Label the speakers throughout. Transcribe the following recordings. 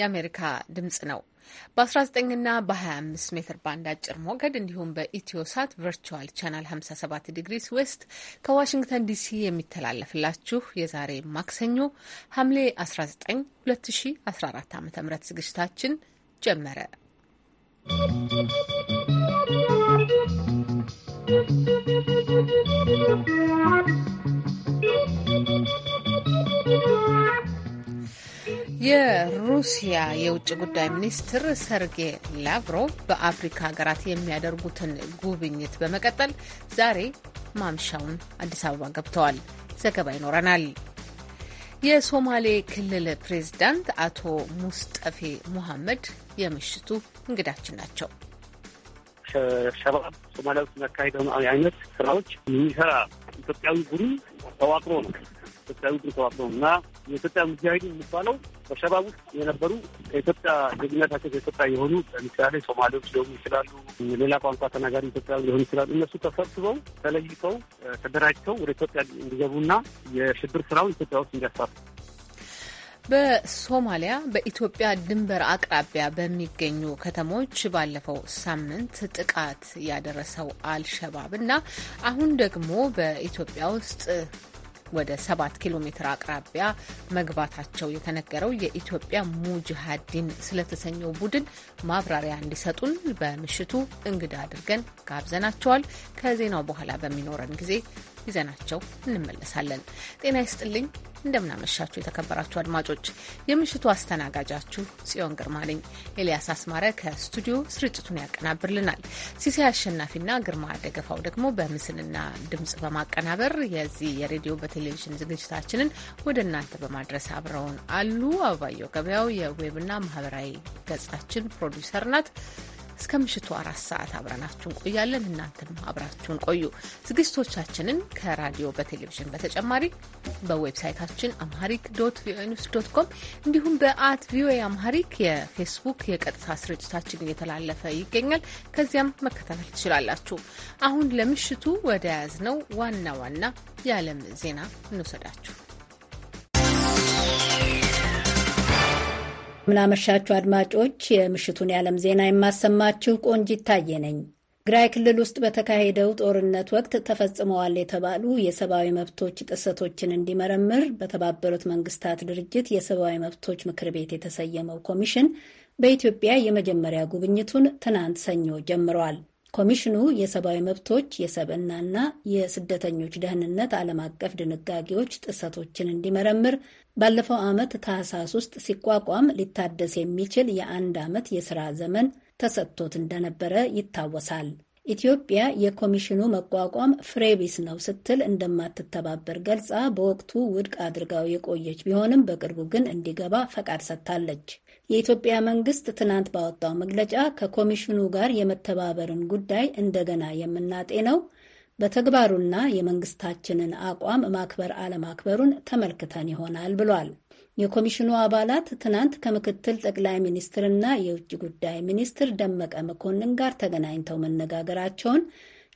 Speaker 1: የአሜሪካ ድምጽ ነው። በ19 ና በ25 ሜትር ባንድ አጭር ሞገድ እንዲሁም በኢትዮሳት ቨርቹዋል ቻናል 57 ዲግሪስ ዌስት ከዋሽንግተን ዲሲ የሚተላለፍላችሁ የዛሬ ማክሰኞ ሐምሌ 19 2014 ዓ ም ዝግጅታችን ጀመረ። ¶¶ የሩሲያ የውጭ ጉዳይ ሚኒስትር ሰርጌይ ላቭሮቭ በአፍሪካ ሀገራት የሚያደርጉትን ጉብኝት በመቀጠል ዛሬ ማምሻውን አዲስ አበባ ገብተዋል። ዘገባ ይኖረናል። የሶማሌ ክልል ፕሬዝዳንት አቶ ሙስጠፌ ሙሐመድ የምሽቱ እንግዳችን ናቸው።
Speaker 2: ሸባብ ሶማሊያ ውስጥ የሚያካሄደው አይነት ስራዎች የሚሰራ ኢትዮጵያዊ ቡድን ተዋቅሮ ነው ኢትዮጵያዊ ድንኮራት ነው እና የኢትዮጵያ ሙጃሂዲን የሚባለው በሸባብ ውስጥ የነበሩ ከኢትዮጵያ ዜግነታቸው ከኢትዮጵያ የሆኑ ለምሳሌ ሶማሌዎች ሊሆኑ ይችላሉ፣ ሌላ ቋንቋ ተናጋሪ ኢትዮጵያ ሊሆኑ ይችላሉ። እነሱ ተሰብስበው ተለይተው ተደራጅተው ወደ ኢትዮጵያ እንዲገቡና የሽብር ስራውን ኢትዮጵያ ውስጥ እንዲያሳፍ
Speaker 1: በሶማሊያ በኢትዮጵያ ድንበር አቅራቢያ በሚገኙ ከተሞች ባለፈው ሳምንት ጥቃት ያደረሰው አልሸባብ እና አሁን ደግሞ በኢትዮጵያ ውስጥ ወደ 7 ኪሎ ሜትር አቅራቢያ መግባታቸው የተነገረው የኢትዮጵያ ሙጅሃዲን ስለተሰኘው ቡድን ማብራሪያ እንዲሰጡን በምሽቱ እንግዳ አድርገን ጋብዘናቸዋል። ከዜናው በኋላ በሚኖረን ጊዜ ይዘናቸው እንመለሳለን። ጤና ይስጥልኝ። እንደምናመሻችሁ የተከበራችሁ አድማጮች፣ የምሽቱ አስተናጋጃችሁ ጽዮን ግርማ ነኝ። ኤልያስ አስማረ ከስቱዲዮ ስርጭቱን ያቀናብርልናል። ሲሴ አሸናፊና ግርማ ደገፋው ደግሞ በምስልና ድምጽ በማቀናበር የዚህ የሬዲዮ በቴሌቪዥን ዝግጅታችንን ወደ እናንተ በማድረስ አብረውን አሉ። አበባየው ገበያው የዌብና ማህበራዊ ገጻችን ፕሮዲሰር ናት። እስከ ምሽቱ አራት ሰዓት አብረናችሁን ቆያለን። እናንተም አብራችሁን ቆዩ። ዝግጅቶቻችንን ከራዲዮ በቴሌቪዥን በተጨማሪ በዌብሳይታችን አምሃሪክ ዶት ቪኦኤ ኒውስ ዶት ኮም እንዲሁም በአት ቪኦኤ አምሃሪክ የፌስቡክ የቀጥታ ስርጭታችን እየተላለፈ ይገኛል። ከዚያም መከታተል ትችላላችሁ። አሁን ለምሽቱ ወደ ያዝነው ዋና ዋና የዓለም ዜና እንውሰዳችሁ።
Speaker 3: ምናመሻችሁ አድማጮች፣ የምሽቱን የዓለም ዜና የማሰማችሁ ቆንጅ ይታየ ነኝ። ትግራይ ክልል ውስጥ በተካሄደው ጦርነት ወቅት ተፈጽመዋል የተባሉ የሰብአዊ መብቶች ጥሰቶችን እንዲመረምር በተባበሩት መንግስታት ድርጅት የሰብአዊ መብቶች ምክር ቤት የተሰየመው ኮሚሽን በኢትዮጵያ የመጀመሪያ ጉብኝቱን ትናንት ሰኞ ጀምሯል። ኮሚሽኑ የሰብአዊ መብቶች የሰብዕናና የስደተኞች ደህንነት ዓለም አቀፍ ድንጋጌዎች ጥሰቶችን እንዲመረምር ባለፈው ዓመት ታህሳስ ውስጥ ሲቋቋም ሊታደስ የሚችል የአንድ ዓመት የሥራ ዘመን ተሰጥቶት እንደነበረ ይታወሳል። ኢትዮጵያ የኮሚሽኑ መቋቋም ፍሬቢስ ነው ስትል እንደማትተባበር ገልጻ በወቅቱ ውድቅ አድርጋው የቆየች ቢሆንም በቅርቡ ግን እንዲገባ ፈቃድ ሰጥታለች። የኢትዮጵያ መንግስት ትናንት ባወጣው መግለጫ ከኮሚሽኑ ጋር የመተባበርን ጉዳይ እንደገና የምናጤ ነው በተግባሩና የመንግስታችንን አቋም ማክበር አለማክበሩን ተመልክተን ይሆናል ብሏል። የኮሚሽኑ አባላት ትናንት ከምክትል ጠቅላይ ሚኒስትርና የውጭ ጉዳይ ሚኒስትር ደመቀ መኮንን ጋር ተገናኝተው መነጋገራቸውን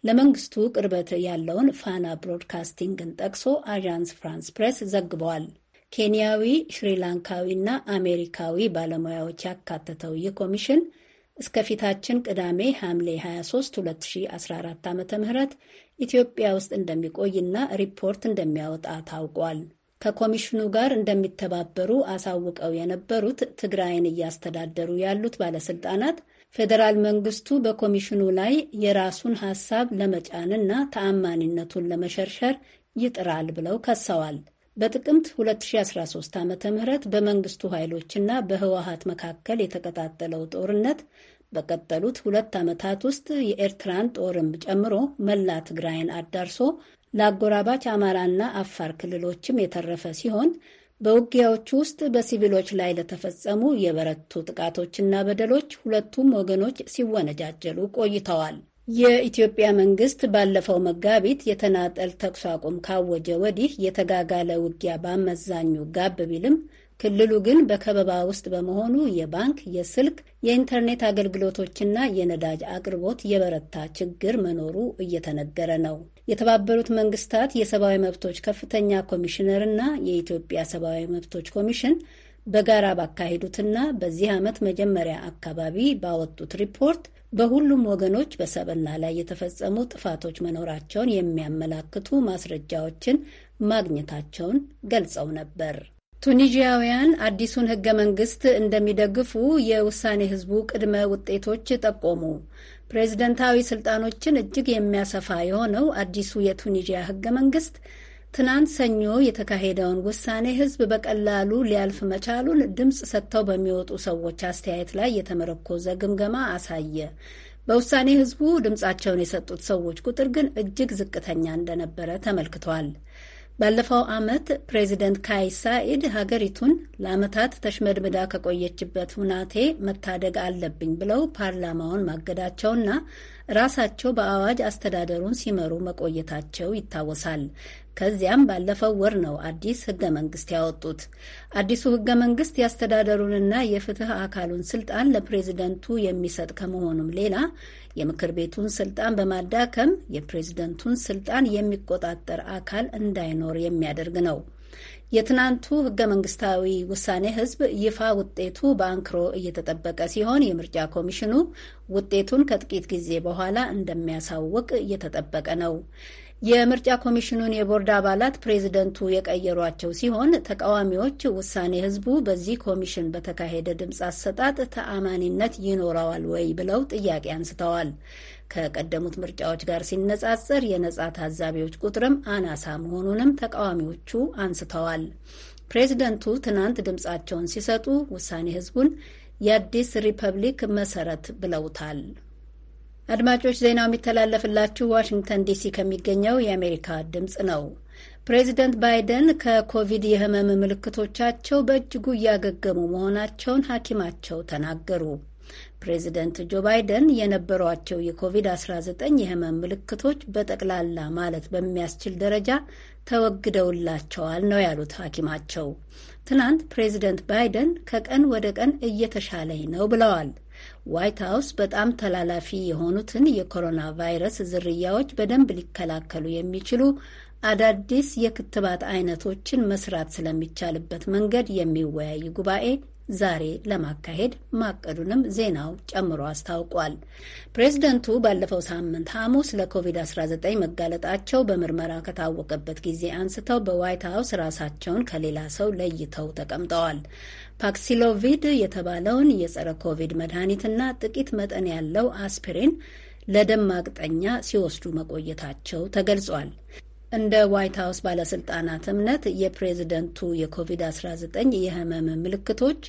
Speaker 3: ለመንግስቱ ቅርበት ያለውን ፋና ብሮድካስቲንግን ጠቅሶ አዣንስ ፍራንስ ፕሬስ ዘግበዋል። ኬንያዊ፣ ሽሪላንካዊና አሜሪካዊ ባለሙያዎች ያካተተው ይህ ኮሚሽን እስከፊታችን ቅዳሜ ሐምሌ 23 2014 ዓ ም ኢትዮጵያ ውስጥ እንደሚቆይና ሪፖርት እንደሚያወጣ ታውቋል። ከኮሚሽኑ ጋር እንደሚተባበሩ አሳውቀው የነበሩት ትግራይን እያስተዳደሩ ያሉት ባለስልጣናት ፌዴራል መንግስቱ በኮሚሽኑ ላይ የራሱን ሀሳብ ለመጫንና ተአማኒነቱን ለመሸርሸር ይጥራል ብለው ከሰዋል። በጥቅምት 2013 ዓ ም በመንግስቱ ኃይሎችና በህወሀት መካከል የተቀጣጠለው ጦርነት በቀጠሉት ሁለት ዓመታት ውስጥ የኤርትራን ጦርም ጨምሮ መላ ትግራይን አዳርሶ ለአጎራባች አማራና አፋር ክልሎችም የተረፈ ሲሆን በውጊያዎቹ ውስጥ በሲቪሎች ላይ ለተፈጸሙ የበረቱ ጥቃቶችና በደሎች ሁለቱም ወገኖች ሲወነጃጀሉ ቆይተዋል። የኢትዮጵያ መንግስት ባለፈው መጋቢት የተናጠል ተኩስ አቁም ካወጀ ወዲህ የተጋጋለ ውጊያ በአመዛኙ ጋብ ቢልም ክልሉ ግን በከበባ ውስጥ በመሆኑ የባንክ፣ የስልክ፣ የኢንተርኔት አገልግሎቶችና የነዳጅ አቅርቦት የበረታ ችግር መኖሩ እየተነገረ ነው። የተባበሩት መንግስታት የሰብአዊ መብቶች ከፍተኛ ኮሚሽነር እና የኢትዮጵያ ሰብአዊ መብቶች ኮሚሽን በጋራ ባካሄዱትና በዚህ ዓመት መጀመሪያ አካባቢ ባወጡት ሪፖርት በሁሉም ወገኖች በሰብና ላይ የተፈጸሙ ጥፋቶች መኖራቸውን የሚያመላክቱ ማስረጃዎችን ማግኘታቸውን ገልጸው ነበር። ቱኒዥያውያን አዲሱን ህገ መንግስት እንደሚደግፉ የውሳኔ ህዝቡ ቅድመ ውጤቶች ጠቆሙ። ፕሬዝደንታዊ ስልጣኖችን እጅግ የሚያሰፋ የሆነው አዲሱ የቱኒዥያ ህገ መንግስት ትናንት ሰኞ የተካሄደውን ውሳኔ ህዝብ በቀላሉ ሊያልፍ መቻሉን ድምፅ ሰጥተው በሚወጡ ሰዎች አስተያየት ላይ የተመረኮዘ ግምገማ አሳየ። በውሳኔ ህዝቡ ድምፃቸውን የሰጡት ሰዎች ቁጥር ግን እጅግ ዝቅተኛ እንደነበረ ተመልክቷል። ባለፈው ዓመት ፕሬዚደንት ካይስ ሳኢድ ሀገሪቱን ለዓመታት ተሽመድምዳ ከቆየችበት ሁናቴ መታደግ አለብኝ ብለው ፓርላማውን ማገዳቸውና ራሳቸው በአዋጅ አስተዳደሩን ሲመሩ መቆየታቸው ይታወሳል። ከዚያም ባለፈው ወር ነው አዲስ ህገ መንግስት ያወጡት። አዲሱ ህገ መንግስት የአስተዳደሩንና የፍትህ አካሉን ስልጣን ለፕሬዝደንቱ የሚሰጥ ከመሆኑም ሌላ የምክር ቤቱን ስልጣን በማዳከም የፕሬዝደንቱን ስልጣን የሚቆጣጠር አካል እንዳይኖር የሚያደርግ ነው። የትናንቱ ህገ መንግስታዊ ውሳኔ ህዝብ ይፋ ውጤቱ በአንክሮ እየተጠበቀ ሲሆን የምርጫ ኮሚሽኑ ውጤቱን ከጥቂት ጊዜ በኋላ እንደሚያሳውቅ እየተጠበቀ ነው። የምርጫ ኮሚሽኑን የቦርድ አባላት ፕሬዝደንቱ የቀየሯቸው ሲሆን ተቃዋሚዎች ውሳኔ ህዝቡ በዚህ ኮሚሽን በተካሄደ ድምፅ አሰጣጥ ተአማኒነት ይኖረዋል ወይ ብለው ጥያቄ አንስተዋል። ከቀደሙት ምርጫዎች ጋር ሲነጻጸር የነጻ ታዛቢዎች ቁጥርም አናሳ መሆኑንም ተቃዋሚዎቹ አንስተዋል። ፕሬዝደንቱ ትናንት ድምፃቸውን ሲሰጡ ውሳኔ ህዝቡን የአዲስ ሪፐብሊክ መሰረት ብለውታል። አድማጮች ዜናው የሚተላለፍላችሁ ዋሽንግተን ዲሲ ከሚገኘው የአሜሪካ ድምፅ ነው። ፕሬዚደንት ባይደን ከኮቪድ የህመም ምልክቶቻቸው በእጅጉ እያገገሙ መሆናቸውን ሐኪማቸው ተናገሩ። ፕሬዚደንት ጆ ባይደን የነበሯቸው የኮቪድ-19 የህመም ምልክቶች በጠቅላላ ማለት በሚያስችል ደረጃ ተወግደውላቸዋል ነው ያሉት ሐኪማቸው። ትናንት ፕሬዚደንት ባይደን ከቀን ወደ ቀን እየተሻለኝ ነው ብለዋል ዋይት ሀውስ በጣም ተላላፊ የሆኑትን የኮሮና ቫይረስ ዝርያዎች በደንብ ሊከላከሉ የሚችሉ አዳዲስ የክትባት አይነቶችን መስራት ስለሚቻልበት መንገድ የሚወያይ ጉባኤ ዛሬ ለማካሄድ ማቀዱንም ዜናው ጨምሮ አስታውቋል። ፕሬዝደንቱ ባለፈው ሳምንት ሐሙስ ለኮቪድ-19 መጋለጣቸው በምርመራ ከታወቀበት ጊዜ አንስተው በዋይት ሀውስ ራሳቸውን ከሌላ ሰው ለይተው ተቀምጠዋል። ፓክሲሎቪድ የተባለውን የጸረ ኮቪድ መድኃኒትና ጥቂት መጠን ያለው አስፒሪን ለደም ማቅጠኛ ሲወስዱ መቆየታቸው ተገልጿል። እንደ ዋይት ሀውስ ባለስልጣናት እምነት የፕሬዝደንቱ የኮቪድ-19 የህመም ምልክቶች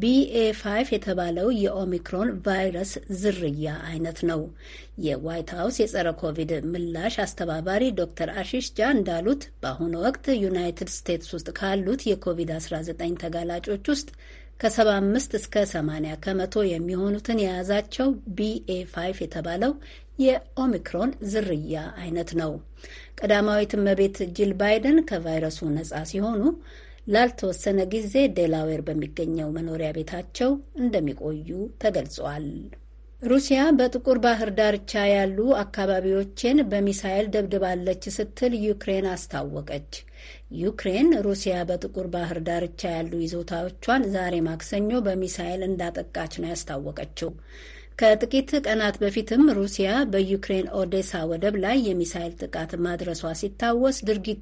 Speaker 3: ቢኤ 5 የተባለው የኦሚክሮን ቫይረስ ዝርያ አይነት ነው። የዋይት ሀውስ የጸረ ኮቪድ ምላሽ አስተባባሪ ዶክተር አሺሽ ጃ እንዳሉት በአሁኑ ወቅት ዩናይትድ ስቴትስ ውስጥ ካሉት የኮቪድ-19 ተጋላጮች ውስጥ ከ75 እስከ 80 ከመቶ የሚሆኑትን የያዛቸው ቢኤ 5 የተባለው የኦሚክሮን ዝርያ አይነት ነው። ቀዳማዊት እመቤት ጂል ባይደን ከቫይረሱ ነጻ ሲሆኑ ላልተወሰነ ጊዜ ዴላዌር በሚገኘው መኖሪያ ቤታቸው እንደሚቆዩ ተገልጿል። ሩሲያ በጥቁር ባህር ዳርቻ ያሉ አካባቢዎችን በሚሳይል ደብድባለች ስትል ዩክሬን አስታወቀች። ዩክሬን ሩሲያ በጥቁር ባህር ዳርቻ ያሉ ይዞታዎቿን ዛሬ ማክሰኞ በሚሳይል እንዳጠቃች ነው ያስታወቀችው። ከጥቂት ቀናት በፊትም ሩሲያ በዩክሬን ኦዴሳ ወደብ ላይ የሚሳይል ጥቃት ማድረሷ ሲታወስ ድርጊቱ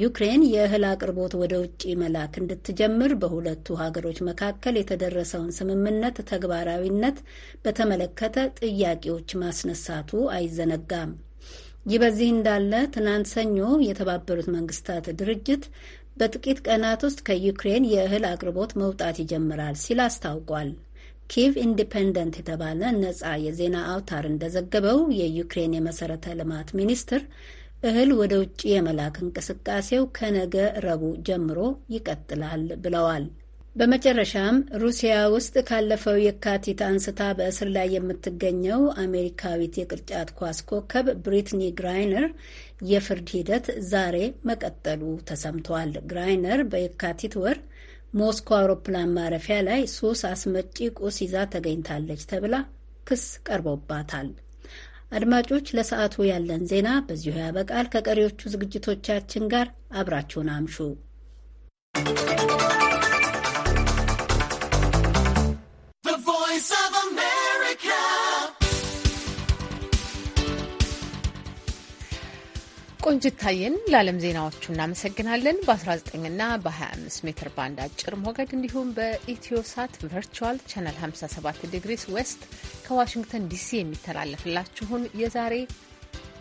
Speaker 3: ዩክሬን የእህል አቅርቦት ወደ ውጭ መላክ እንድትጀምር በሁለቱ ሀገሮች መካከል የተደረሰውን ስምምነት ተግባራዊነት በተመለከተ ጥያቄዎች ማስነሳቱ አይዘነጋም። ይህ በዚህ እንዳለ ትናንት ሰኞ የተባበሩት መንግስታት ድርጅት በጥቂት ቀናት ውስጥ ከዩክሬን የእህል አቅርቦት መውጣት ይጀምራል ሲል አስታውቋል። ኪቭ ኢንዲፐንደንት የተባለ ነጻ የዜና አውታር እንደዘገበው የዩክሬን የመሰረተ ልማት ሚኒስትር እህል ወደ ውጭ የመላክ እንቅስቃሴው ከነገ ረቡዕ ጀምሮ ይቀጥላል ብለዋል። በመጨረሻም ሩሲያ ውስጥ ካለፈው የካቲት አንስታ በእስር ላይ የምትገኘው አሜሪካዊት የቅርጫት ኳስ ኮከብ ብሪትኒ ግራይነር የፍርድ ሂደት ዛሬ መቀጠሉ ተሰምቷል። ግራይነር በየካቲት ወር ሞስኮ አውሮፕላን ማረፊያ ላይ ሱስ አስመጪ ቁስ ይዛ ተገኝታለች ተብላ ክስ ቀርቦባታል። አድማጮች፣ ለሰዓቱ ያለን ዜና በዚሁ ያበቃል። ከቀሪዎቹ ዝግጅቶቻችን ጋር አብራችሁን አምሹ።
Speaker 1: ቆንጅታየን ለዓለም ዜናዎቹ እናመሰግናለን። በ19ና በ25 ሜትር ባንድ አጭር ሞገድ እንዲሁም በኢትዮሳት ቨርቹዋል ቻናል 57 ዲግሪስ ዌስት ከዋሽንግተን ዲሲ የሚተላለፍላችሁን የዛሬ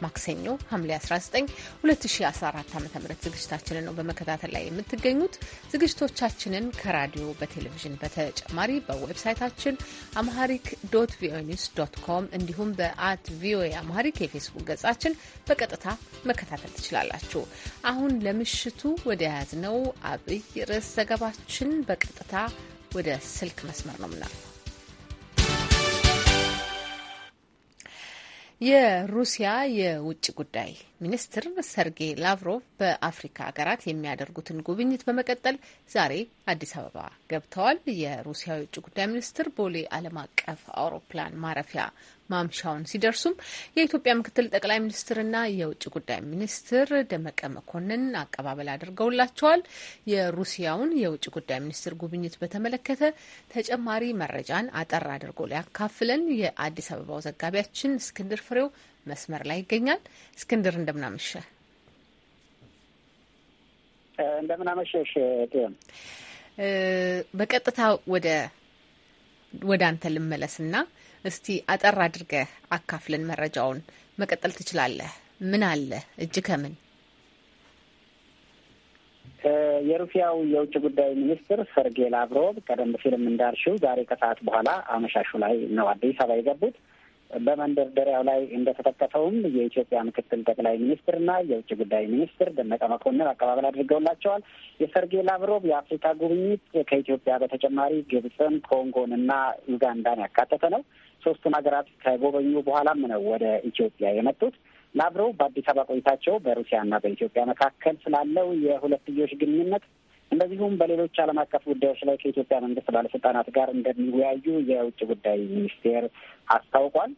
Speaker 1: ማክሰኞ ሐምሌ 19 2014 ዓ ም ዝግጅታችንን ነው በመከታተል ላይ የምትገኙት። ዝግጅቶቻችንን ከራዲዮ በቴሌቪዥን በተጨማሪ በዌብሳይታችን አምሃሪክ ዶት ቪኦኤ ኒውስ ዶት ኮም እንዲሁም በአት ቪኦኤ አምሃሪክ የፌስቡክ ገጻችን በቀጥታ መከታተል ትችላላችሁ። አሁን ለምሽቱ ወደ ያዝነው አብይ ርዕስ ዘገባችን በቀጥታ ወደ ስልክ መስመር ነው ምናልፈው የሩሲያ የውጭ ጉዳይ ሚኒስትር ሰርጌይ ላቭሮቭ በአፍሪካ ሀገራት የሚያደርጉትን ጉብኝት በመቀጠል ዛሬ አዲስ አበባ ገብተዋል። የሩሲያ የውጭ ጉዳይ ሚኒስትር ቦሌ ዓለም አቀፍ አውሮፕላን ማረፊያ ማምሻውን ሲደርሱም የኢትዮጵያ ምክትል ጠቅላይ ሚኒስትርና የውጭ ጉዳይ ሚኒስትር ደመቀ መኮንን አቀባበል አድርገውላቸዋል። የሩሲያውን የውጭ ጉዳይ ሚኒስትር ጉብኝት በተመለከተ ተጨማሪ መረጃን አጠር አድርጎ ሊያካፍለን የአዲስ አበባው ዘጋቢያችን እስክንድር ፍሬው መስመር ላይ ይገኛል። እስክንድር እንደምናመሸ
Speaker 4: እንደምናመሸሽ ሆን
Speaker 1: በቀጥታ ወደ ወደ አንተ ልመለስና እስቲ አጠር አድርገህ አካፍልን መረጃውን። መቀጠል ትችላለህ። ምን አለ እጅ ከምን
Speaker 4: የሩሲያው የውጭ ጉዳይ ሚኒስትር ሰርጌይ ላቭሮቭ ቀደም ሲልም እንዳልሽው ዛሬ ከሰዓት በኋላ አመሻሹ ላይ ነው አዲስ አበባ የገቡት። በመንደርደሪያው ላይ እንደተጠቀሰውም የኢትዮጵያ ምክትል ጠቅላይ ሚኒስትርና የውጭ ጉዳይ ሚኒስትር ደመቀ መኮንን አቀባበል አድርገውላቸዋል። የሰርጌ ላቭሮቭ የአፍሪካ ጉብኝት ከኢትዮጵያ በተጨማሪ ግብፅን፣ ኮንጎን እና ዩጋንዳን ያካተተ ነው። ሶስቱን ሀገራት ከጎበኙ በኋላም ነው ወደ ኢትዮጵያ የመጡት። ላቭሮቭ በአዲስ አበባ ቆይታቸው በሩሲያና በኢትዮጵያ መካከል ስላለው የሁለትዮሽ ግንኙነት እንደዚሁም በሌሎች ዓለም አቀፍ ጉዳዮች ላይ ከኢትዮጵያ መንግስት ባለስልጣናት ጋር እንደሚወያዩ የውጭ ጉዳይ ሚኒስቴር አስታውቋል።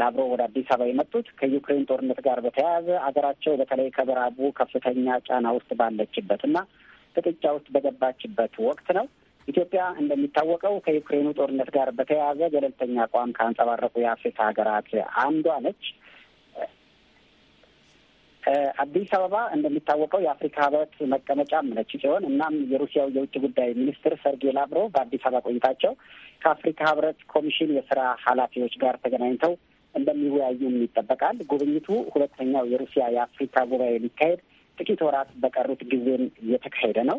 Speaker 4: ላብሮ ወደ አዲስ አበባ የመጡት ከዩክሬን ጦርነት ጋር በተያያዘ አገራቸው በተለይ ከበራቡ ከፍተኛ ጫና ውስጥ ባለችበት እና ፍጥጫ ውስጥ በገባችበት ወቅት ነው። ኢትዮጵያ እንደሚታወቀው ከዩክሬኑ ጦርነት ጋር በተያያዘ ገለልተኛ አቋም ካንጸባረቁ የአፍሪካ ሀገራት አንዷ ነች። አዲስ አበባ እንደሚታወቀው የአፍሪካ ህብረት መቀመጫ ምነች ሲሆን እናም የሩሲያው የውጭ ጉዳይ ሚኒስትር ሰርጌ ላብሮቭ በአዲስ አበባ ቆይታቸው ከአፍሪካ ህብረት ኮሚሽን የስራ ኃላፊዎች ጋር ተገናኝተው እንደሚወያዩም ይጠበቃል። ጉብኝቱ ሁለተኛው የሩሲያ የአፍሪካ ጉባኤ ሊካሄድ ጥቂት ወራት በቀሩት ጊዜም እየተካሄደ ነው።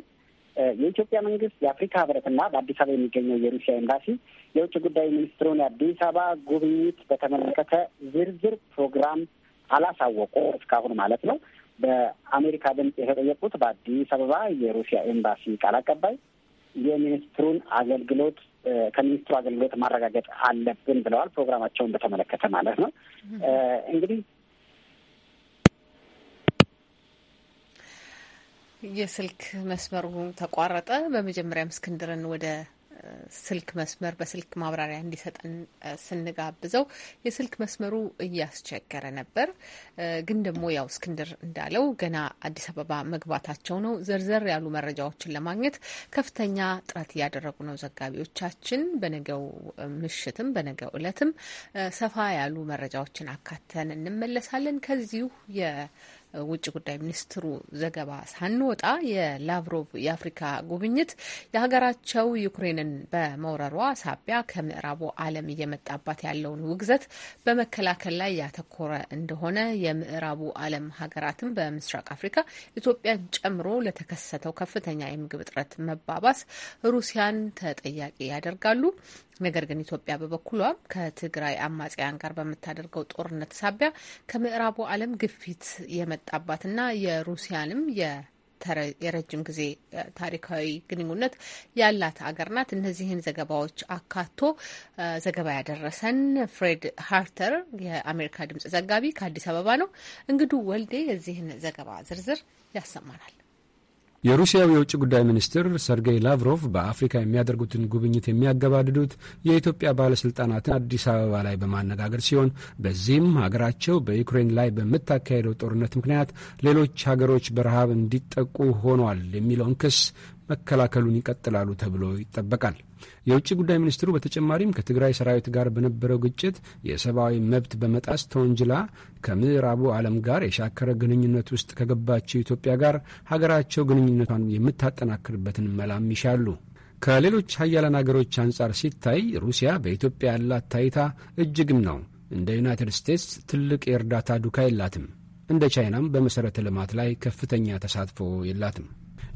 Speaker 4: የኢትዮጵያ መንግስት የአፍሪካ ህብረትና በአዲስ አበባ የሚገኘው የሩሲያ ኤምባሲ የውጭ ጉዳይ ሚኒስትሩን የአዲስ አበባ ጉብኝት በተመለከተ ዝርዝር ፕሮግራም አላሳወቁ እስካሁን ማለት ነው። በአሜሪካ ድምፅ የተጠየቁት በአዲስ አበባ የሩሲያ ኤምባሲ ቃል አቀባይ የሚኒስትሩን አገልግሎት ከሚኒስትሩ አገልግሎት ማረጋገጥ አለብን ብለዋል። ፕሮግራማቸውን በተመለከተ ማለት ነው እንግዲህ
Speaker 1: የስልክ መስመሩ ተቋረጠ። በመጀመሪያም እስክንድርን ወደ ስልክ መስመር በስልክ ማብራሪያ እንዲሰጠን ስንጋብዘው የስልክ መስመሩ እያስቸገረ ነበር። ግን ደግሞ ያው እስክንድር እንዳለው ገና አዲስ አበባ መግባታቸው ነው። ዘርዘር ያሉ መረጃዎችን ለማግኘት ከፍተኛ ጥረት እያደረጉ ነው ዘጋቢዎቻችን። በነገው ምሽትም በነገው እለትም ሰፋ ያሉ መረጃዎችን አካተን እንመለሳለን። ከዚሁ ውጭ ጉዳይ ሚኒስትሩ ዘገባ ሳንወጣ የላቭሮቭ የአፍሪካ ጉብኝት የሀገራቸው ዩክሬንን በመውረሯ ሳቢያ ከምዕራቡ ዓለም እየመጣባት ያለውን ውግዘት በመከላከል ላይ ያተኮረ እንደሆነ የምዕራቡ ዓለም ሀገራትም በምስራቅ አፍሪካ ኢትዮጵያን ጨምሮ ለተከሰተው ከፍተኛ የምግብ እጥረት መባባስ ሩሲያን ተጠያቂ ያደርጋሉ። ነገር ግን ኢትዮጵያ በበኩሏ ከትግራይ አማጽያን ጋር በምታደርገው ጦርነት ሳቢያ ከምዕራቡ ዓለም ግፊት የመጣባትና የሩሲያንም የረጅም ጊዜ ታሪካዊ ግንኙነት ያላት አገር ናት። እነዚህን ዘገባዎች አካቶ ዘገባ ያደረሰን ፍሬድ ሃርተር የአሜሪካ ድምጽ ዘጋቢ ከአዲስ አበባ ነው። እንግዱ ወልዴ የዚህን ዘገባ ዝርዝር ያሰማናል።
Speaker 5: የሩሲያው የውጭ ጉዳይ ሚኒስትር ሰርጌይ ላቭሮቭ በአፍሪካ የሚያደርጉትን ጉብኝት የሚያገባድዱት የኢትዮጵያ ባለስልጣናትን አዲስ አበባ ላይ በማነጋገር ሲሆን በዚህም ሀገራቸው በዩክሬን ላይ በምታካሄደው ጦርነት ምክንያት ሌሎች ሀገሮች በረሃብ እንዲጠቁ ሆኗል የሚለውን ክስ መከላከሉን ይቀጥላሉ ተብሎ ይጠበቃል። የውጭ ጉዳይ ሚኒስትሩ በተጨማሪም ከትግራይ ሰራዊት ጋር በነበረው ግጭት የሰብአዊ መብት በመጣስ ተወንጅላ ከምዕራቡ ዓለም ጋር የሻከረ ግንኙነት ውስጥ ከገባቸው ኢትዮጵያ ጋር ሀገራቸው ግንኙነቷን የምታጠናክርበትን መላም ይሻሉ። ከሌሎች ሀያላን አገሮች አንጻር ሲታይ ሩሲያ በኢትዮጵያ ያላት ታይታ እጅግም ነው። እንደ ዩናይትድ ስቴትስ ትልቅ የእርዳታ ዱካ የላትም። እንደ ቻይናም በመሠረተ ልማት ላይ ከፍተኛ ተሳትፎ የላትም።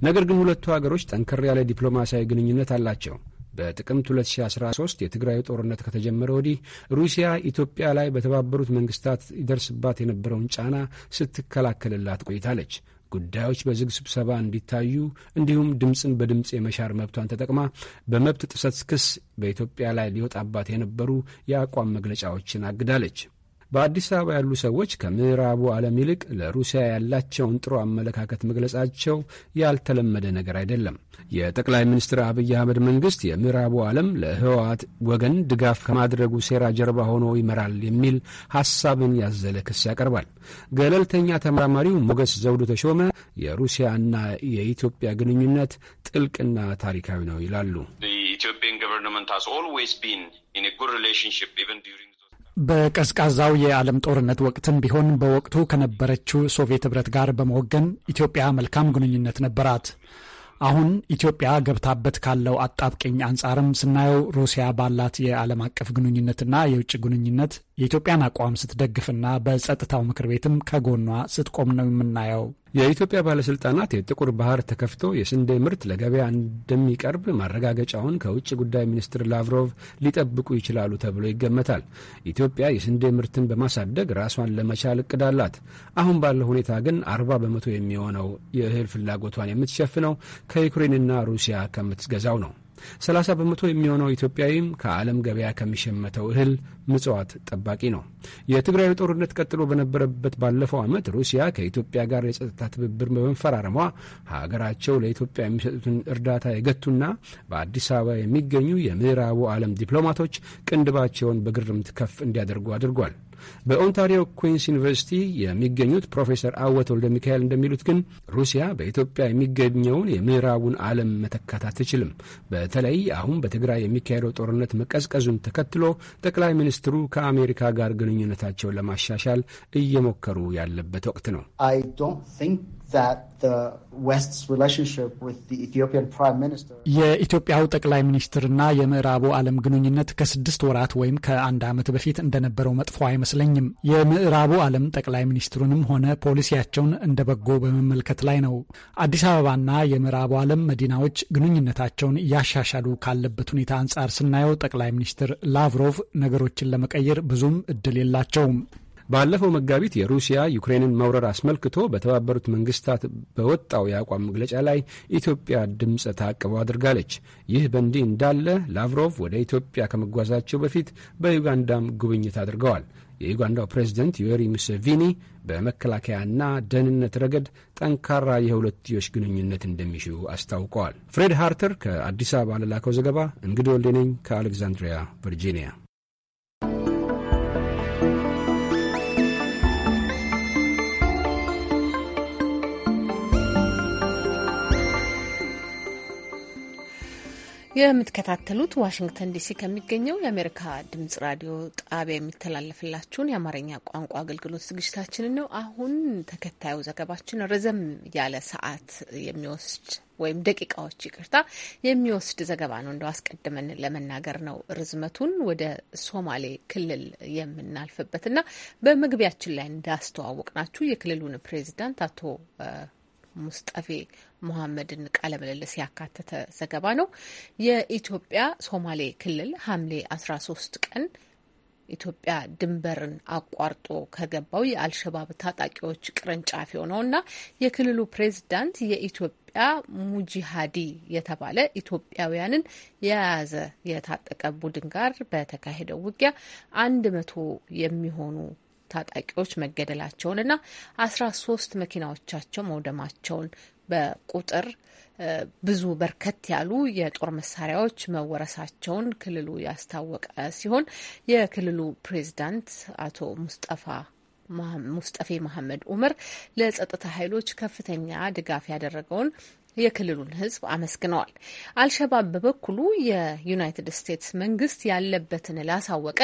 Speaker 5: ነገር ግን ሁለቱ ሀገሮች ጠንከር ያለ ዲፕሎማሲያዊ ግንኙነት አላቸው። በጥቅምት 2013 የትግራይ ጦርነት ከተጀመረ ወዲህ ሩሲያ ኢትዮጵያ ላይ በተባበሩት መንግስታት ይደርስባት የነበረውን ጫና ስትከላከልላት ቆይታለች። ጉዳዮች በዝግ ስብሰባ እንዲታዩ እንዲሁም ድምፅን በድምፅ የመሻር መብቷን ተጠቅማ በመብት ጥሰት ክስ በኢትዮጵያ ላይ ሊወጣባት የነበሩ የአቋም መግለጫዎችን አግዳለች። በአዲስ አበባ ያሉ ሰዎች ከምዕራቡ ዓለም ይልቅ ለሩሲያ ያላቸውን ጥሩ አመለካከት መግለጻቸው ያልተለመደ ነገር አይደለም። የጠቅላይ ሚኒስትር አብይ አህመድ መንግስት የምዕራቡ ዓለም ለህወሓት ወገን ድጋፍ ከማድረጉ ሴራ ጀርባ ሆኖ ይመራል የሚል ሐሳብን ያዘለ ክስ ያቀርባል። ገለልተኛ ተመራማሪው ሞገስ ዘውዱ ተሾመ የሩሲያና የኢትዮጵያ ግንኙነት ጥልቅና ታሪካዊ ነው ይላሉ።
Speaker 6: በቀዝቃዛው የዓለም ጦርነት ወቅትም ቢሆን በወቅቱ ከነበረችው ሶቪየት ኅብረት ጋር በመወገን ኢትዮጵያ መልካም ግንኙነት ነበራት። አሁን ኢትዮጵያ ገብታበት ካለው አጣብቂኝ አንጻርም ስናየው ሩሲያ ባላት የዓለም አቀፍ ግንኙነትና የውጭ ግንኙነት የኢትዮጵያን አቋም ስትደግፍና በጸጥታው ምክር ቤትም ከጎኗ ስትቆም ነው የምናየው።
Speaker 5: የኢትዮጵያ ባለስልጣናት የጥቁር ባህር ተከፍቶ የስንዴ ምርት ለገበያ እንደሚቀርብ ማረጋገጫውን ከውጭ ጉዳይ ሚኒስትር ላቭሮቭ ሊጠብቁ ይችላሉ ተብሎ ይገመታል። ኢትዮጵያ የስንዴ ምርትን በማሳደግ ራሷን ለመቻል እቅድ አላት። አሁን ባለው ሁኔታ ግን አርባ በመቶ የሚሆነው የእህል ፍላጎቷን የምትሸፍነው ከዩክሬንና ሩሲያ ከምትገዛው ነው። 30 በመቶ የሚሆነው ኢትዮጵያዊም ከዓለም ገበያ ከሚሸመተው እህል ምጽዋት ጠባቂ ነው። የትግራዩ ጦርነት ቀጥሎ በነበረበት ባለፈው ዓመት ሩሲያ ከኢትዮጵያ ጋር የጸጥታ ትብብር በመፈራረሟ ሀገራቸው ለኢትዮጵያ የሚሰጡትን እርዳታ የገቱና በአዲስ አበባ የሚገኙ የምዕራቡ ዓለም ዲፕሎማቶች ቅንድባቸውን በግርምት ከፍ እንዲያደርጉ አድርጓል። በኦንታሪዮ ኩዊንስ ዩኒቨርሲቲ የሚገኙት ፕሮፌሰር አወተ ወልደ ሚካኤል እንደሚሉት ግን ሩሲያ በኢትዮጵያ የሚገኘውን የምዕራቡን ዓለም መተካት አትችልም። በተለይ አሁን በትግራይ የሚካሄደው ጦርነት መቀዝቀዙን ተከትሎ ጠቅላይ ሚኒስትሩ ከአሜሪካ ጋር ግንኙነታቸውን ለማሻሻል እየሞከሩ ያለበት ወቅት ነው።
Speaker 6: የኢትዮጵያው ጠቅላይ ሚኒስትርና የምዕራቡ ዓለም ግንኙነት ከስድስት ወራት ወይም ከአንድ ዓመት በፊት እንደነበረው መጥፎ አይመስለኝም። የምዕራቡ ዓለም ጠቅላይ ሚኒስትሩንም ሆነ ፖሊሲያቸውን እንደ በጎ በመመልከት ላይ ነው። አዲስ አበባና የምዕራቡ ዓለም መዲናዎች ግንኙነታቸውን እያሻሻሉ ካለበት ሁኔታ አንጻር ስናየው ጠቅላይ ሚኒስትር ላቭሮቭ ነገሮችን ለመቀየር
Speaker 5: ብዙም እድል የላቸውም። ባለፈው መጋቢት የሩሲያ ዩክሬንን መውረር አስመልክቶ በተባበሩት መንግስታት በወጣው የአቋም መግለጫ ላይ ኢትዮጵያ ድምፅ ታቅበው አድርጋለች። ይህ በእንዲህ እንዳለ ላቭሮቭ ወደ ኢትዮጵያ ከመጓዛቸው በፊት በዩጋንዳም ጉብኝት አድርገዋል። የዩጋንዳው ፕሬዝደንት ዮዌሪ ሙሴቪኒ በመከላከያና ደህንነት ረገድ ጠንካራ የሁለትዮሽ ግንኙነት እንደሚሹ አስታውቀዋል። ፍሬድ ሃርተር ከአዲስ አበባ ለላከው ዘገባ እንግዲህ ወልዴ ነኝ ከአሌክዛንድሪያ ቨርጂኒያ
Speaker 1: የምትከታተሉት ዋሽንግተን ዲሲ ከሚገኘው የአሜሪካ ድምጽ ራዲዮ ጣቢያ የሚተላለፍላችሁን የአማርኛ ቋንቋ አገልግሎት ዝግጅታችንን ነው። አሁን ተከታዩ ዘገባችን ረዘም ያለ ሰዓት የሚወስድ ወይም ደቂቃዎች ይቅርታ የሚወስድ ዘገባ ነው። እንደው አስቀድመን ለመናገር ነው ርዝመቱን ወደ ሶማሌ ክልል የምናልፍበትና በመግቢያችን ላይ እንዳስተዋወቅ ናችሁ የክልሉን ፕሬዚዳንት አቶ ሙስጠፌ መሐመድን ቃለ ምልልስ ያካተተ ዘገባ ነው። የኢትዮጵያ ሶማሌ ክልል ሐምሌ 13 ቀን ኢትዮጵያ ድንበርን አቋርጦ ከገባው የአልሸባብ ታጣቂዎች ቅርንጫፍ የሆነው እና የክልሉ ፕሬዝዳንት የኢትዮጵያ ሙጂሃዲ የተባለ ኢትዮጵያውያንን የያዘ የታጠቀ ቡድን ጋር በተካሄደው ውጊያ አንድ መቶ የሚሆኑ ታጣቂዎች መገደላቸውንና አስራ ሶስት መኪናዎቻቸው መውደማቸውን በቁጥር ብዙ በርከት ያሉ የጦር መሳሪያዎች መወረሳቸውን ክልሉ ያስታወቀ ሲሆን የክልሉ ፕሬዚዳንት አቶ ሙስጠፋ ሙስጠፌ መሐመድ ኡመር ለጸጥታ ኃይሎች ከፍተኛ ድጋፍ ያደረገውን የክልሉን ህዝብ አመስግነዋል። አልሸባብ በበኩሉ የዩናይትድ ስቴትስ መንግስት ያለበትን ላሳወቀ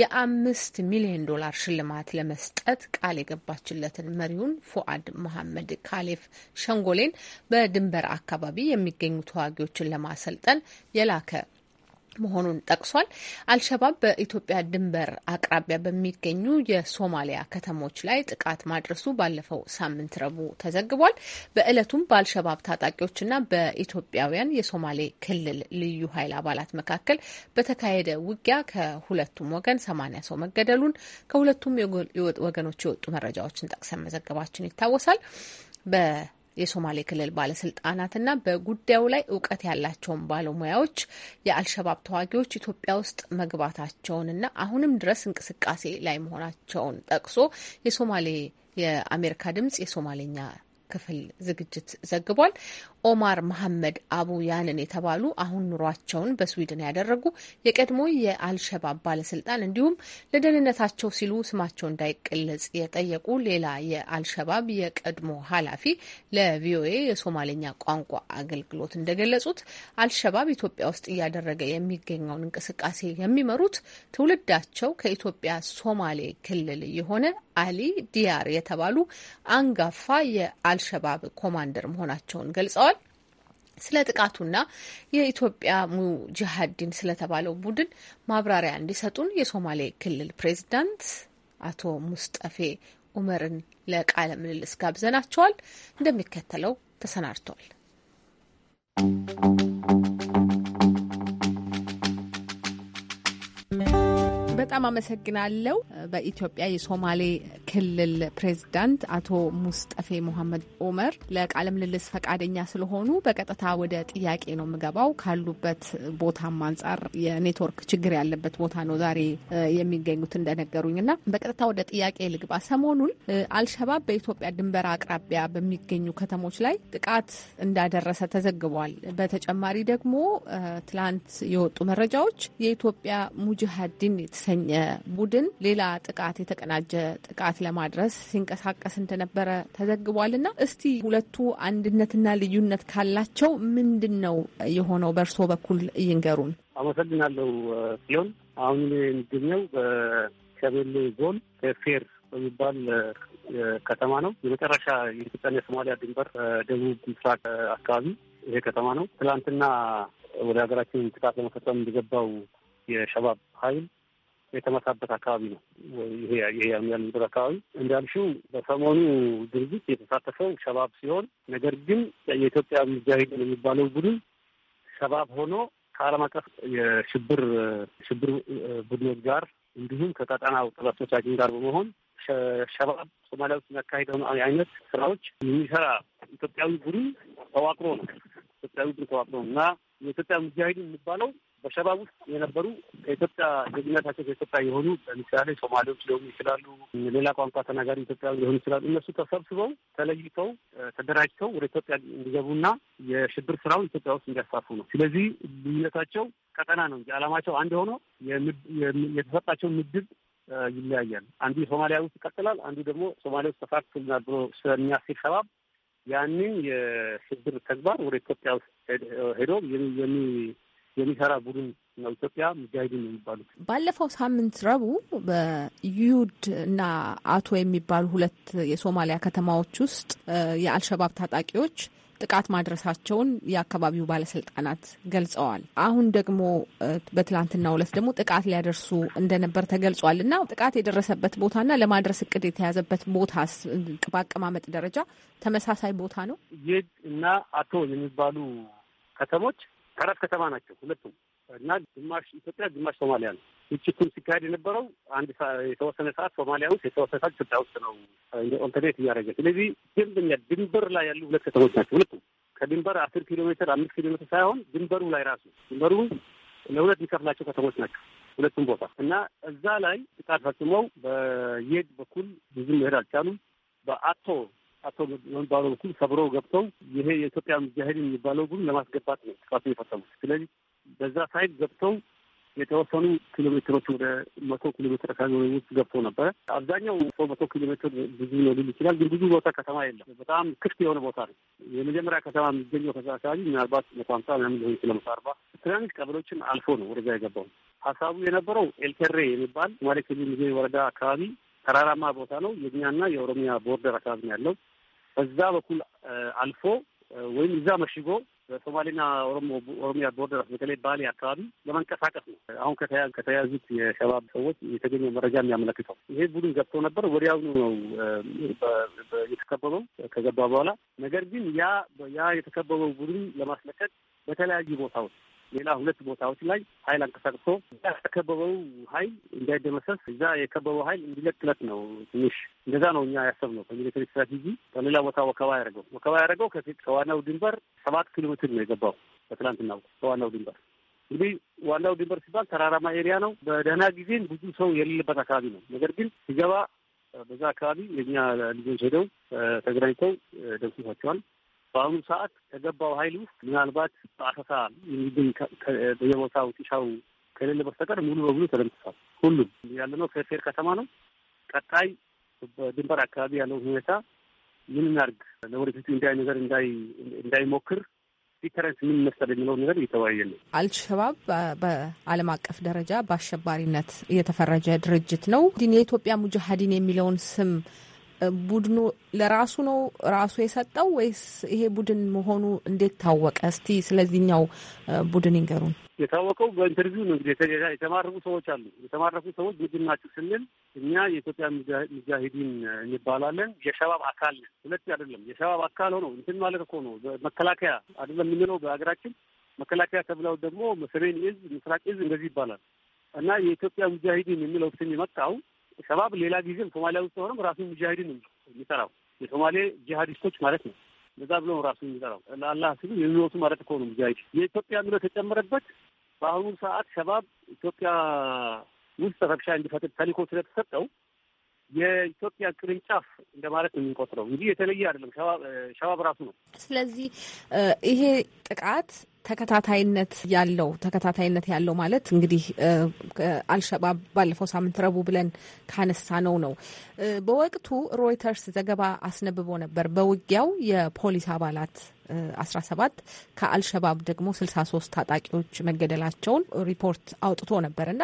Speaker 1: የአምስት ሚሊዮን ዶላር ሽልማት ለመስጠት ቃል የገባችለትን መሪውን ፉአድ መሐመድ ካሌፍ ሸንጎሌን በድንበር አካባቢ የሚገኙ ተዋጊዎችን ለማሰልጠን የላከ መሆኑን ጠቅሷል። አልሸባብ በኢትዮጵያ ድንበር አቅራቢያ በሚገኙ የሶማሊያ ከተሞች ላይ ጥቃት ማድረሱ ባለፈው ሳምንት ረቡዕ ተዘግቧል። በእለቱም በአልሸባብ ታጣቂዎችና በኢትዮጵያውያን የሶማሌ ክልል ልዩ ኃይል አባላት መካከል በተካሄደ ውጊያ ከሁለቱም ወገን ሰማኒያ ሰው መገደሉን ከሁለቱም ወገኖች የወጡ መረጃዎችን ጠቅሰን መዘገባችን ይታወሳል። የሶማሌ ክልል ባለስልጣናትና በጉዳዩ ላይ እውቀት ያላቸውን ባለሙያዎች የአልሸባብ ተዋጊዎች ኢትዮጵያ ውስጥ መግባታቸውንና አሁንም ድረስ እንቅስቃሴ ላይ መሆናቸውን ጠቅሶ የሶማሌ የአሜሪካ ድምጽ የሶማሌኛ ክፍል ዝግጅት ዘግቧል። ኦማር መሐመድ አቡ ያንን የተባሉ አሁን ኑሯቸውን በስዊድን ያደረጉ የቀድሞ የአልሸባብ ባለስልጣን እንዲሁም ለደህንነታቸው ሲሉ ስማቸው እንዳይገለጽ የጠየቁ ሌላ የአልሸባብ የቀድሞ ኃላፊ ለቪኦኤ የሶማሌኛ ቋንቋ አገልግሎት እንደገለጹት አልሸባብ ኢትዮጵያ ውስጥ እያደረገ የሚገኘውን እንቅስቃሴ የሚመሩት ትውልዳቸው ከኢትዮጵያ ሶማሌ ክልል የሆነ አሊ ዲያር የተባሉ አንጋፋ የአልሸባብ ኮማንደር መሆናቸውን ገልጸዋል። ስለ ጥቃቱና የኢትዮጵያ ሙጅሃዲን ስለተባለው ቡድን ማብራሪያ እንዲሰጡን የሶማሌ ክልል ፕሬዚዳንት አቶ ሙስጠፌ ኡመርን ለቃለ ምልልስ ጋብዘናቸዋል። እንደሚከተለው ተሰናድተዋል። Thank you. በጣም አመሰግናለሁ። በኢትዮጵያ የሶማሌ ክልል ፕሬዝዳንት አቶ ሙስጠፌ መሐመድ ኦመር ለቃለ ምልልስ ፈቃደኛ ስለሆኑ በቀጥታ ወደ ጥያቄ ነው የምገባው። ካሉበት ቦታም አንጻር የኔትወርክ ችግር ያለበት ቦታ ነው ዛሬ የሚገኙት እንደነገሩኝ እና በቀጥታ ወደ ጥያቄ ልግባ። ሰሞኑን አልሸባብ በኢትዮጵያ ድንበር አቅራቢያ በሚገኙ ከተሞች ላይ ጥቃት እንዳደረሰ ተዘግቧል። በተጨማሪ ደግሞ ትላንት የወጡ መረጃዎች የኢትዮጵያ ሙጅሃዲን የተሰኘ ቡድን ሌላ ጥቃት የተቀናጀ ጥቃት ለማድረስ ሲንቀሳቀስ እንደነበረ ተዘግቧልና እስቲ ሁለቱ አንድነትና ልዩነት ካላቸው ምንድን ነው የሆነው? በእርሶ በኩል ይንገሩን።
Speaker 2: አመሰግናለሁ ሲሆን አሁን የሚገኘው በሸቤሌ ዞን ፌር በሚባል ከተማ ነው። የመጨረሻ የኢትዮጵያና የሶማሊያ ድንበር ደቡብ ምስራቅ አካባቢ ይሄ ከተማ ነው። ትላንትና ወደ ሀገራችን ጥቃት ለመፈጸም እንደገባው የሸባብ ኃይል የተመታበት አካባቢ ነው። ይሄ የአሚያል ምድር አካባቢ እንዳልሽው በሰሞኑ ድርጊት የተሳተፈው ሸባብ ሲሆን ነገር ግን የኢትዮጵያ ሙጃሂድን የሚባለው ቡድን ሸባብ ሆኖ ከዓለም አቀፍ የሽብር ሽብር ቡድኖች ጋር እንዲሁም ከቀጠናው ጠላቶቻችን ጋር በመሆን ሸባብ ሶማሊያ ውስጥ የሚያካሂደውን አይነት ስራዎች የሚሰራ ኢትዮጵያዊ ቡድን ተዋቅሮ ነው ኢትዮጵያዊ ቡድን ተዋቅሮ ነው እና የኢትዮጵያ ሙጃሂድ የሚባለው በሸባ ውስጥ የነበሩ ከኢትዮጵያ ዜግነታቸው ከኢትዮጵያ የሆኑ ለምሳሌ ሶማሌዎች ሊሆኑ ይችላሉ፣ ሌላ ቋንቋ ተናጋሪ ኢትዮጵያ ሊሆኑ ይችላሉ። እነሱ ተሰብስበው ተለይተው ተደራጅተው ወደ ኢትዮጵያ እንዲገቡና የሽብር ስራው ኢትዮጵያ ውስጥ እንዲያስፋፉ ነው። ስለዚህ ልዩነታቸው ቀጠና ነው እንጂ አላማቸው አንድ ሆኖ የተሰጣቸውን ምድብ ይለያያል። አንዱ የሶማሊያ ውስጥ ይቀጥላል፣ አንዱ ደግሞ ሶማሊያ ውስጥ ተሳትፎልናል ብሎ ስለሚያስብ ሸባብ ያንን የሽብር ተግባር ወደ ኢትዮጵያ ውስጥ ሄዶ የሚሰራ ቡድን ነው። ኢትዮጵያ ሙጃሂዲን የሚባሉት
Speaker 1: ባለፈው ሳምንት ረቡዕ በዩድ እና አቶ የሚባሉ ሁለት የሶማሊያ ከተማዎች ውስጥ የአልሸባብ ታጣቂዎች ጥቃት ማድረሳቸውን የአካባቢው ባለስልጣናት ገልጸዋል። አሁን ደግሞ በትላንትና ሁለት ደግሞ ጥቃት ሊያደርሱ እንደነበር ተገልጿል እና ጥቃት የደረሰበት ቦታና ለማድረስ እቅድ የተያዘበት ቦታ በአቀማመጥ ደረጃ ተመሳሳይ ቦታ ነው።
Speaker 2: ይድ እና አቶ የሚባሉ ከተሞች አራት ከተማ ናቸው ሁለቱም እና ግማሽ ኢትዮጵያ ግማሽ ሶማሊያ ነው። ውጭቱን ሲካሄድ የነበረው አንድ የተወሰነ ሰዓት ሶማሊያ ውስጥ የተወሰነ ሰዓት ኢትዮጵያ ውስጥ ነው ኦልተርኔት እያደረገ ስለዚህ ደንበኛ ድንበር ላይ ያሉ ሁለት ከተሞች ናቸው ሁለቱም ከድንበር አስር ኪሎ ሜትር አምስት ኪሎ ሜትር ሳይሆን ድንበሩ ላይ ራሱ ድንበሩ ለሁለት የሚከፍላቸው ከተሞች ናቸው ሁለቱም ቦታ እና እዛ ላይ ጥቃት ፈጽመው በየድ በኩል ብዙም መሄድ አልቻሉም። በአቶ አቶ መንባሮ በኩል ሰብረው ገብተው ይሄ የኢትዮጵያ ሙጃሂድ የሚባለው ቡድን ለማስገባት ነው ጥቃቱ የፈጸሙት። ስለዚህ በዛ ሳይድ ገብተው የተወሰኑ ኪሎ ሜትሮች ወደ መቶ ኪሎ ሜትር አካባቢ ውስጥ ገብቶ ነበረ። አብዛኛው ሰው መቶ ኪሎ ሜትር ብዙ ነው ሊል ይችላል፣ ግን ብዙ ቦታ ከተማ የለም። በጣም ክፍት የሆነ ቦታ ነው። የመጀመሪያ ከተማ የሚገኘው ከዛ አካባቢ ምናልባት መቶ ሀምሳ ምናምን ሊሆን ይችላል፣ መቶ አርባ ትናንሽ ቀበሌዎችን አልፎ ነው ወደዛ የገባው። ሀሳቡ የነበረው ኤልቴሬ የሚባል ማለት ክልል ወረዳ አካባቢ ተራራማ ቦታ ነው። የኛና የኦሮሚያ ቦርደር አካባቢ ያለው። በዛ በኩል አልፎ ወይም እዛ መሽጎ በሶማሌና ኦሮሞ ኦሮሚያ ቦርደር በተለይ ባሌ አካባቢ ለመንቀሳቀስ ነው። አሁን ከተያዙት የሸባብ ሰዎች የተገኘ መረጃ የሚያመለክተው ይሄ ቡድን ገብቶ ነበር። ወዲያውኑ ነው የተከበበው ከገባ በኋላ ነገር ግን ያ ያ የተከበበው ቡድን ለማስለቀቅ በተለያዩ ቦታዎች ሌላ ሁለት ቦታዎች ላይ ኃይል አንቀሳቅሶ ያከበበው ኃይል እንዳይደመሰስ እዛ የከበበው ኃይል እንዲለቅለት ነው። ትንሽ እንደዛ ነው እኛ ያሰብነው በሚሊተሪ ስትራቴጂ። ከሌላ ቦታ ወከባ ያደረገው ወከባ ያደረገው ከፊት ከዋናው ድንበር ሰባት ኪሎ ሜትር ነው የገባው በትላንትናው ከዋናው ድንበር እንግዲህ ዋናው ድንበር ሲባል ተራራማ ኤሪያ ነው። በደህና ጊዜም ብዙ ሰው የሌለበት አካባቢ ነው። ነገር ግን ሲገባ በዛ አካባቢ የኛ ልጆች ሄደው ተገናኝተው ደምስሷቸዋል። በአሁኑ ሰዓት ከገባው ኃይል ውስጥ ምናልባት በአሰሳ የሚገኝ በየቦታው ጢሻው ከሌለ በስተቀር ሙሉ በሙሉ ተደምስሷል። ሁሉም ያለነው ከፌር ከተማ ነው። ቀጣይ በድንበር አካባቢ ያለው ሁኔታ ምን እናድርግ፣ ለወደፊቱ እንዲህ ነገር እንዳይሞክር ዲተረንስ ምን መፍጠር የሚለው ነገር እየተወያየ ነው።
Speaker 1: አልሸባብ በዓለም አቀፍ ደረጃ በአሸባሪነት የተፈረጀ ድርጅት ነው። የኢትዮጵያ ሙጃሀዲን የሚለውን ስም ቡድኑ ለራሱ ነው ራሱ የሰጠው ወይስ ይሄ ቡድን መሆኑ እንዴት ታወቀ? እስቲ ስለዚህኛው ቡድን ይንገሩን።
Speaker 2: የታወቀው በኢንተርቪው ነው። እንግዲህ የተማረኩ ሰዎች አሉ። የተማረኩ ሰዎች ቡድን ናቸው ስንል እኛ የኢትዮጵያ ሙጃሂዲን እንባላለን። የሸባብ አካል ነን። ሁለት አይደለም፣ የሸባብ አካል ሆነው እንትን ማለት እኮ ነው። መከላከያ አይደለም የምንለው በሀገራችን መከላከያ ተብለው ደግሞ ሰሜን እዝ፣ ምስራቅ እዝ እንደዚህ ይባላል እና የኢትዮጵያ ሙጃሂዲን የሚለው ስም የመጣው ሸባብ ሌላ ጊዜም ሶማሊያ ውስጥ ሆኖም ራሱን ሙጃሂድን የሚጠራው የሶማሌ ጂሃዲስቶች ማለት ነው። በዛ ብሎ ራሱ የሚጠራው ለአላህ ሲሉ የሚወቱ ማለት ከሆኑ ሙጃሂድ። የኢትዮጵያ ብሎ ተጨመረበት። በአሁኑ ሰዓት ሸባብ ኢትዮጵያ ውስጥ ረብሻ እንዲፈጥር ተልእኮ ስለተሰጠው የኢትዮጵያ ቅርንጫፍ እንደማለት ነው የምንቆጥረው እንጂ የተለየ አይደለም። ሸባብ ራሱ ነው።
Speaker 1: ስለዚህ ይሄ ጥቃት ተከታታይነት ያለው ተከታታይነት ያለው ማለት እንግዲህ አልሸባብ ባለፈው ሳምንት ረቡዕ ብለን ካነሳ ነው ነው በወቅቱ ሮይተርስ ዘገባ አስነብቦ ነበር። በውጊያው የፖሊስ አባላት 17 ከአልሸባብ ደግሞ 63 ታጣቂዎች መገደላቸውን ሪፖርት አውጥቶ ነበር እና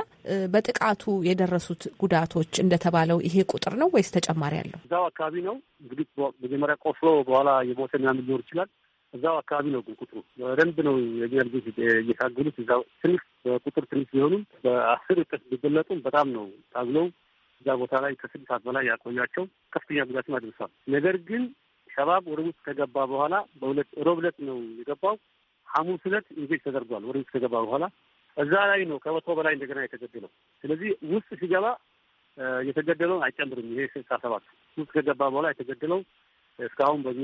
Speaker 1: በጥቃቱ የደረሱት ጉዳቶች እንደተባለው ይሄ ቁጥር ነው ወይስ ተጨማሪ አለው
Speaker 2: እዛው አካባቢ ነው እንግዲህ መጀመሪያ ቆስሎ በኋላ የሞተ ምናምን ሊኖር ይችላል እዛው አካባቢ ነው። ግን ቁጥሩ በደንብ ነው የኛ ልጆች እየታገሉት እዛው ትንሽ በቁጥር ትንሽ ቢሆኑም በአስር እጥፍ ቢገለጡም በጣም ነው ታግለው እዛ ቦታ ላይ ከስድስት ሰዓት በላይ ያቆያቸው ከፍተኛ ጉዳትም አድርሷል። ነገር ግን ሸባብ ወደ ውስጥ ከገባ በኋላ በሁለት ሮብ ዕለት ነው የገባው። ሐሙስ ዕለት ኢንጌጅ ተደርጓል። ወደ ውስጥ ከገባ በኋላ እዛ ላይ ነው ከመቶ በላይ እንደገና የተገደለው። ስለዚህ ውስጥ ሲገባ የተገደለውን አይጨምርም። ይሄ ስልሳ ሰባት ውስጥ ከገባ በኋላ የተገደለው እስካሁን በእኛ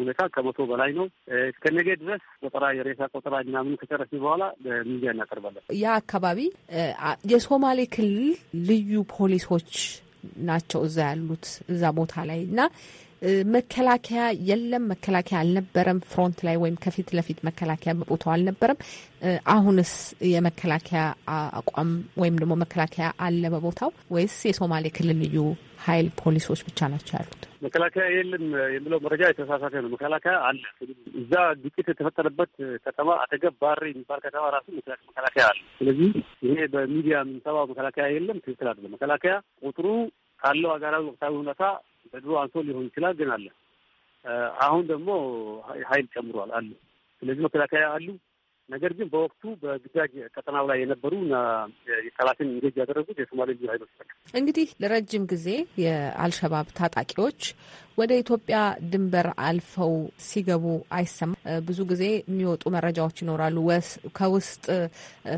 Speaker 2: ሁኔታ ከመቶ በላይ ነው። እስከነገ ድረስ ቆጠራ የሬሳ ቆጠራ ምናምን ከጨረስ በኋላ ሚዲያ እናቀርባለን።
Speaker 1: ያ አካባቢ የሶማሌ ክልል ልዩ ፖሊሶች ናቸው እዛ ያሉት እዛ ቦታ ላይ እና መከላከያ የለም፣ መከላከያ አልነበረም፣ ፍሮንት ላይ ወይም ከፊት ለፊት መከላከያ በቦታው አልነበረም። አሁንስ የመከላከያ አቋም ወይም ደግሞ መከላከያ አለ በቦታው ወይስ የሶማሌ ክልል ልዩ ኃይል ፖሊሶች ብቻ ናቸው ያሉት?
Speaker 2: መከላከያ የለም የሚለው መረጃ የተሳሳተ ነው። መከላከያ አለ። እዛ ግጭት የተፈጠረበት ከተማ አጠገብ ባሪ የሚባል ከተማ ራሱ መከላከያ አለ። ስለዚህ ይሄ በሚዲያ የምንሰማው መከላከያ የለም ትክክል አይደለም። መከላከያ ቁጥሩ ካለው ሀገራዊ ወቅታዊ ሁኔታ በድሮ አንሶ ሊሆን ይችላል፣ ግን አለ። አሁን ደግሞ ሀይል ጨምሯል አሉ። ስለዚህ መከላከያ አሉ፣ ነገር ግን በወቅቱ በግዳጅ ቀጠናው ላይ የነበሩ የጠላትን እንጌጅ ያደረጉት የሶማሌ ልዩ ኃይሎች ናቸው።
Speaker 1: እንግዲህ ለረጅም ጊዜ የአልሸባብ ታጣቂዎች ወደ ኢትዮጵያ ድንበር አልፈው ሲገቡ አይሰማ። ብዙ ጊዜ የሚወጡ መረጃዎች ይኖራሉ። ከውስጥ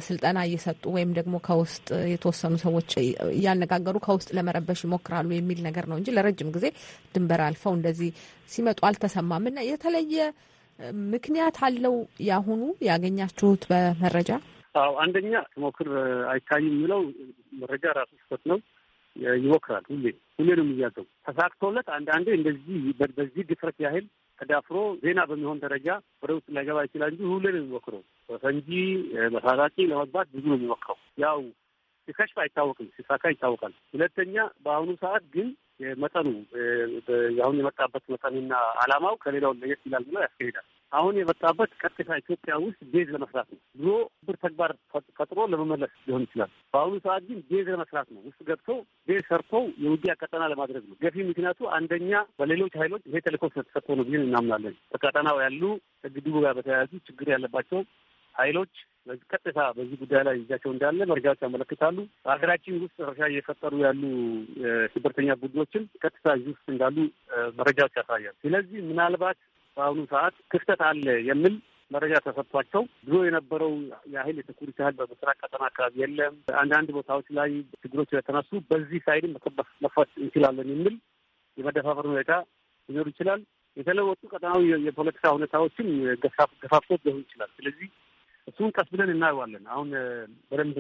Speaker 1: ስልጠና እየሰጡ ወይም ደግሞ ከውስጥ የተወሰኑ ሰዎች እያነጋገሩ ከውስጥ ለመረበሽ ይሞክራሉ የሚል ነገር ነው እንጂ ለረጅም ጊዜ ድንበር አልፈው እንደዚህ ሲመጡ አልተሰማም እና የተለየ ምክንያት አለው ያሁኑ ያገኛችሁት በመረጃ?
Speaker 2: አዎ አንደኛ ሞክር አይታይም የሚለው መረጃ ራሱ ስህተት ነው። ይሞክራል ሁሌ ሁሌ ነው የሚያዘው ተሳክቶለት፣ አንዳንዴ እንደዚህ በዚህ ድፍረት ያህል ተዳፍሮ ዜና በሚሆን ደረጃ ወደ ውስጥ ላይገባ ይችላል እንጂ ሁሌ ነው የሚሞክረው። በፈንጂ መሳሳቂ ለመግባት ብዙ ነው የሚሞክረው። ያው ሲከሽፍ አይታወቅም፣ ሲሳካ ይታወቃል። ሁለተኛ በአሁኑ ሰዓት ግን መጠኑ አሁን የመጣበት መጠንና አላማው ከሌላውን ለየት ይላል ብሎ ያስኬዳል። አሁን የመጣበት ቀጥታ ኢትዮጵያ ውስጥ ቤዝ ለመስራት ነው። ድሮ ብር ተግባር ፈጥሮ ለመመለስ ሊሆን ይችላል። በአሁኑ ሰዓት ግን ቤዝ ለመስራት ነው። ውስጥ ገብቶ ቤዝ ሰርቶ የውጊያ ቀጠና ለማድረግ ነው። ገፊ ምክንያቱ አንደኛ በሌሎች ኃይሎች ይሄ ተልዕኮ ስለተሰጥቶ ነው ብዬ እናምናለን። በቀጠናው ያሉ ከግድቡ ጋር በተያያዙ ችግር ያለባቸው ኃይሎች ቀጥታ በዚህ ጉዳይ ላይ እጃቸው እንዳለ መረጃዎች ያመለክታሉ። ሀገራችን ውስጥ ረብሻ እየፈጠሩ ያሉ ሽብርተኛ ቡድኖችን ቀጥታ እዚህ ውስጥ እንዳሉ መረጃዎች ያሳያል። ስለዚህ ምናልባት በአሁኑ ሰዓት ክፍተት አለ የሚል መረጃ ተሰጥቷቸው ድሮ የነበረው የኃይል የሴኩሪቲ ኃይል በምስራቅ ቀጠና አካባቢ የለም፣ አንዳንድ ቦታዎች ላይ ችግሮች ስለተነሱ በዚህ ሳይድም መፋት እንችላለን የሚል የመደፋፈር ሁኔታ ሊኖር ይችላል። የተለወጡ ቀጠናዊ የፖለቲካ ሁኔታዎችም ገፋፍቶት ሊሆን ይችላል። ስለዚህ እሱን ቀስ ብለን እናየዋለን። አሁን በደንብ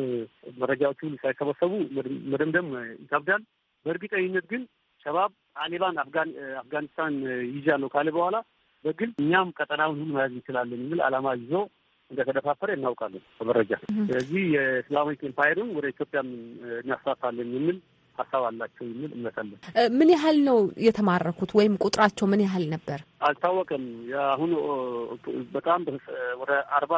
Speaker 2: መረጃዎቹ ሳይሰበሰቡ መደምደም ይከብዳል። በእርግጠኝነት ግን ሸባብ ጣሊባን አፍጋኒስታን ይዣለሁ ካለ በኋላ በግል እኛም ቀጠናውን ሁሉ መያዝ እንችላለን የሚል አላማ ይዞ እንደተደፋፈረ እናውቃለን በመረጃ። ስለዚህ የእስላማዊ ኢምፓየርን ወደ ኢትዮጵያ እናስፋፋለን የሚል ሀሳብ አላቸው የሚል እምነት አለን።
Speaker 1: ምን ያህል ነው የተማረኩት ወይም ቁጥራቸው ምን ያህል ነበር
Speaker 2: አልታወቀም። የአሁኑ በጣም ወደ አርባ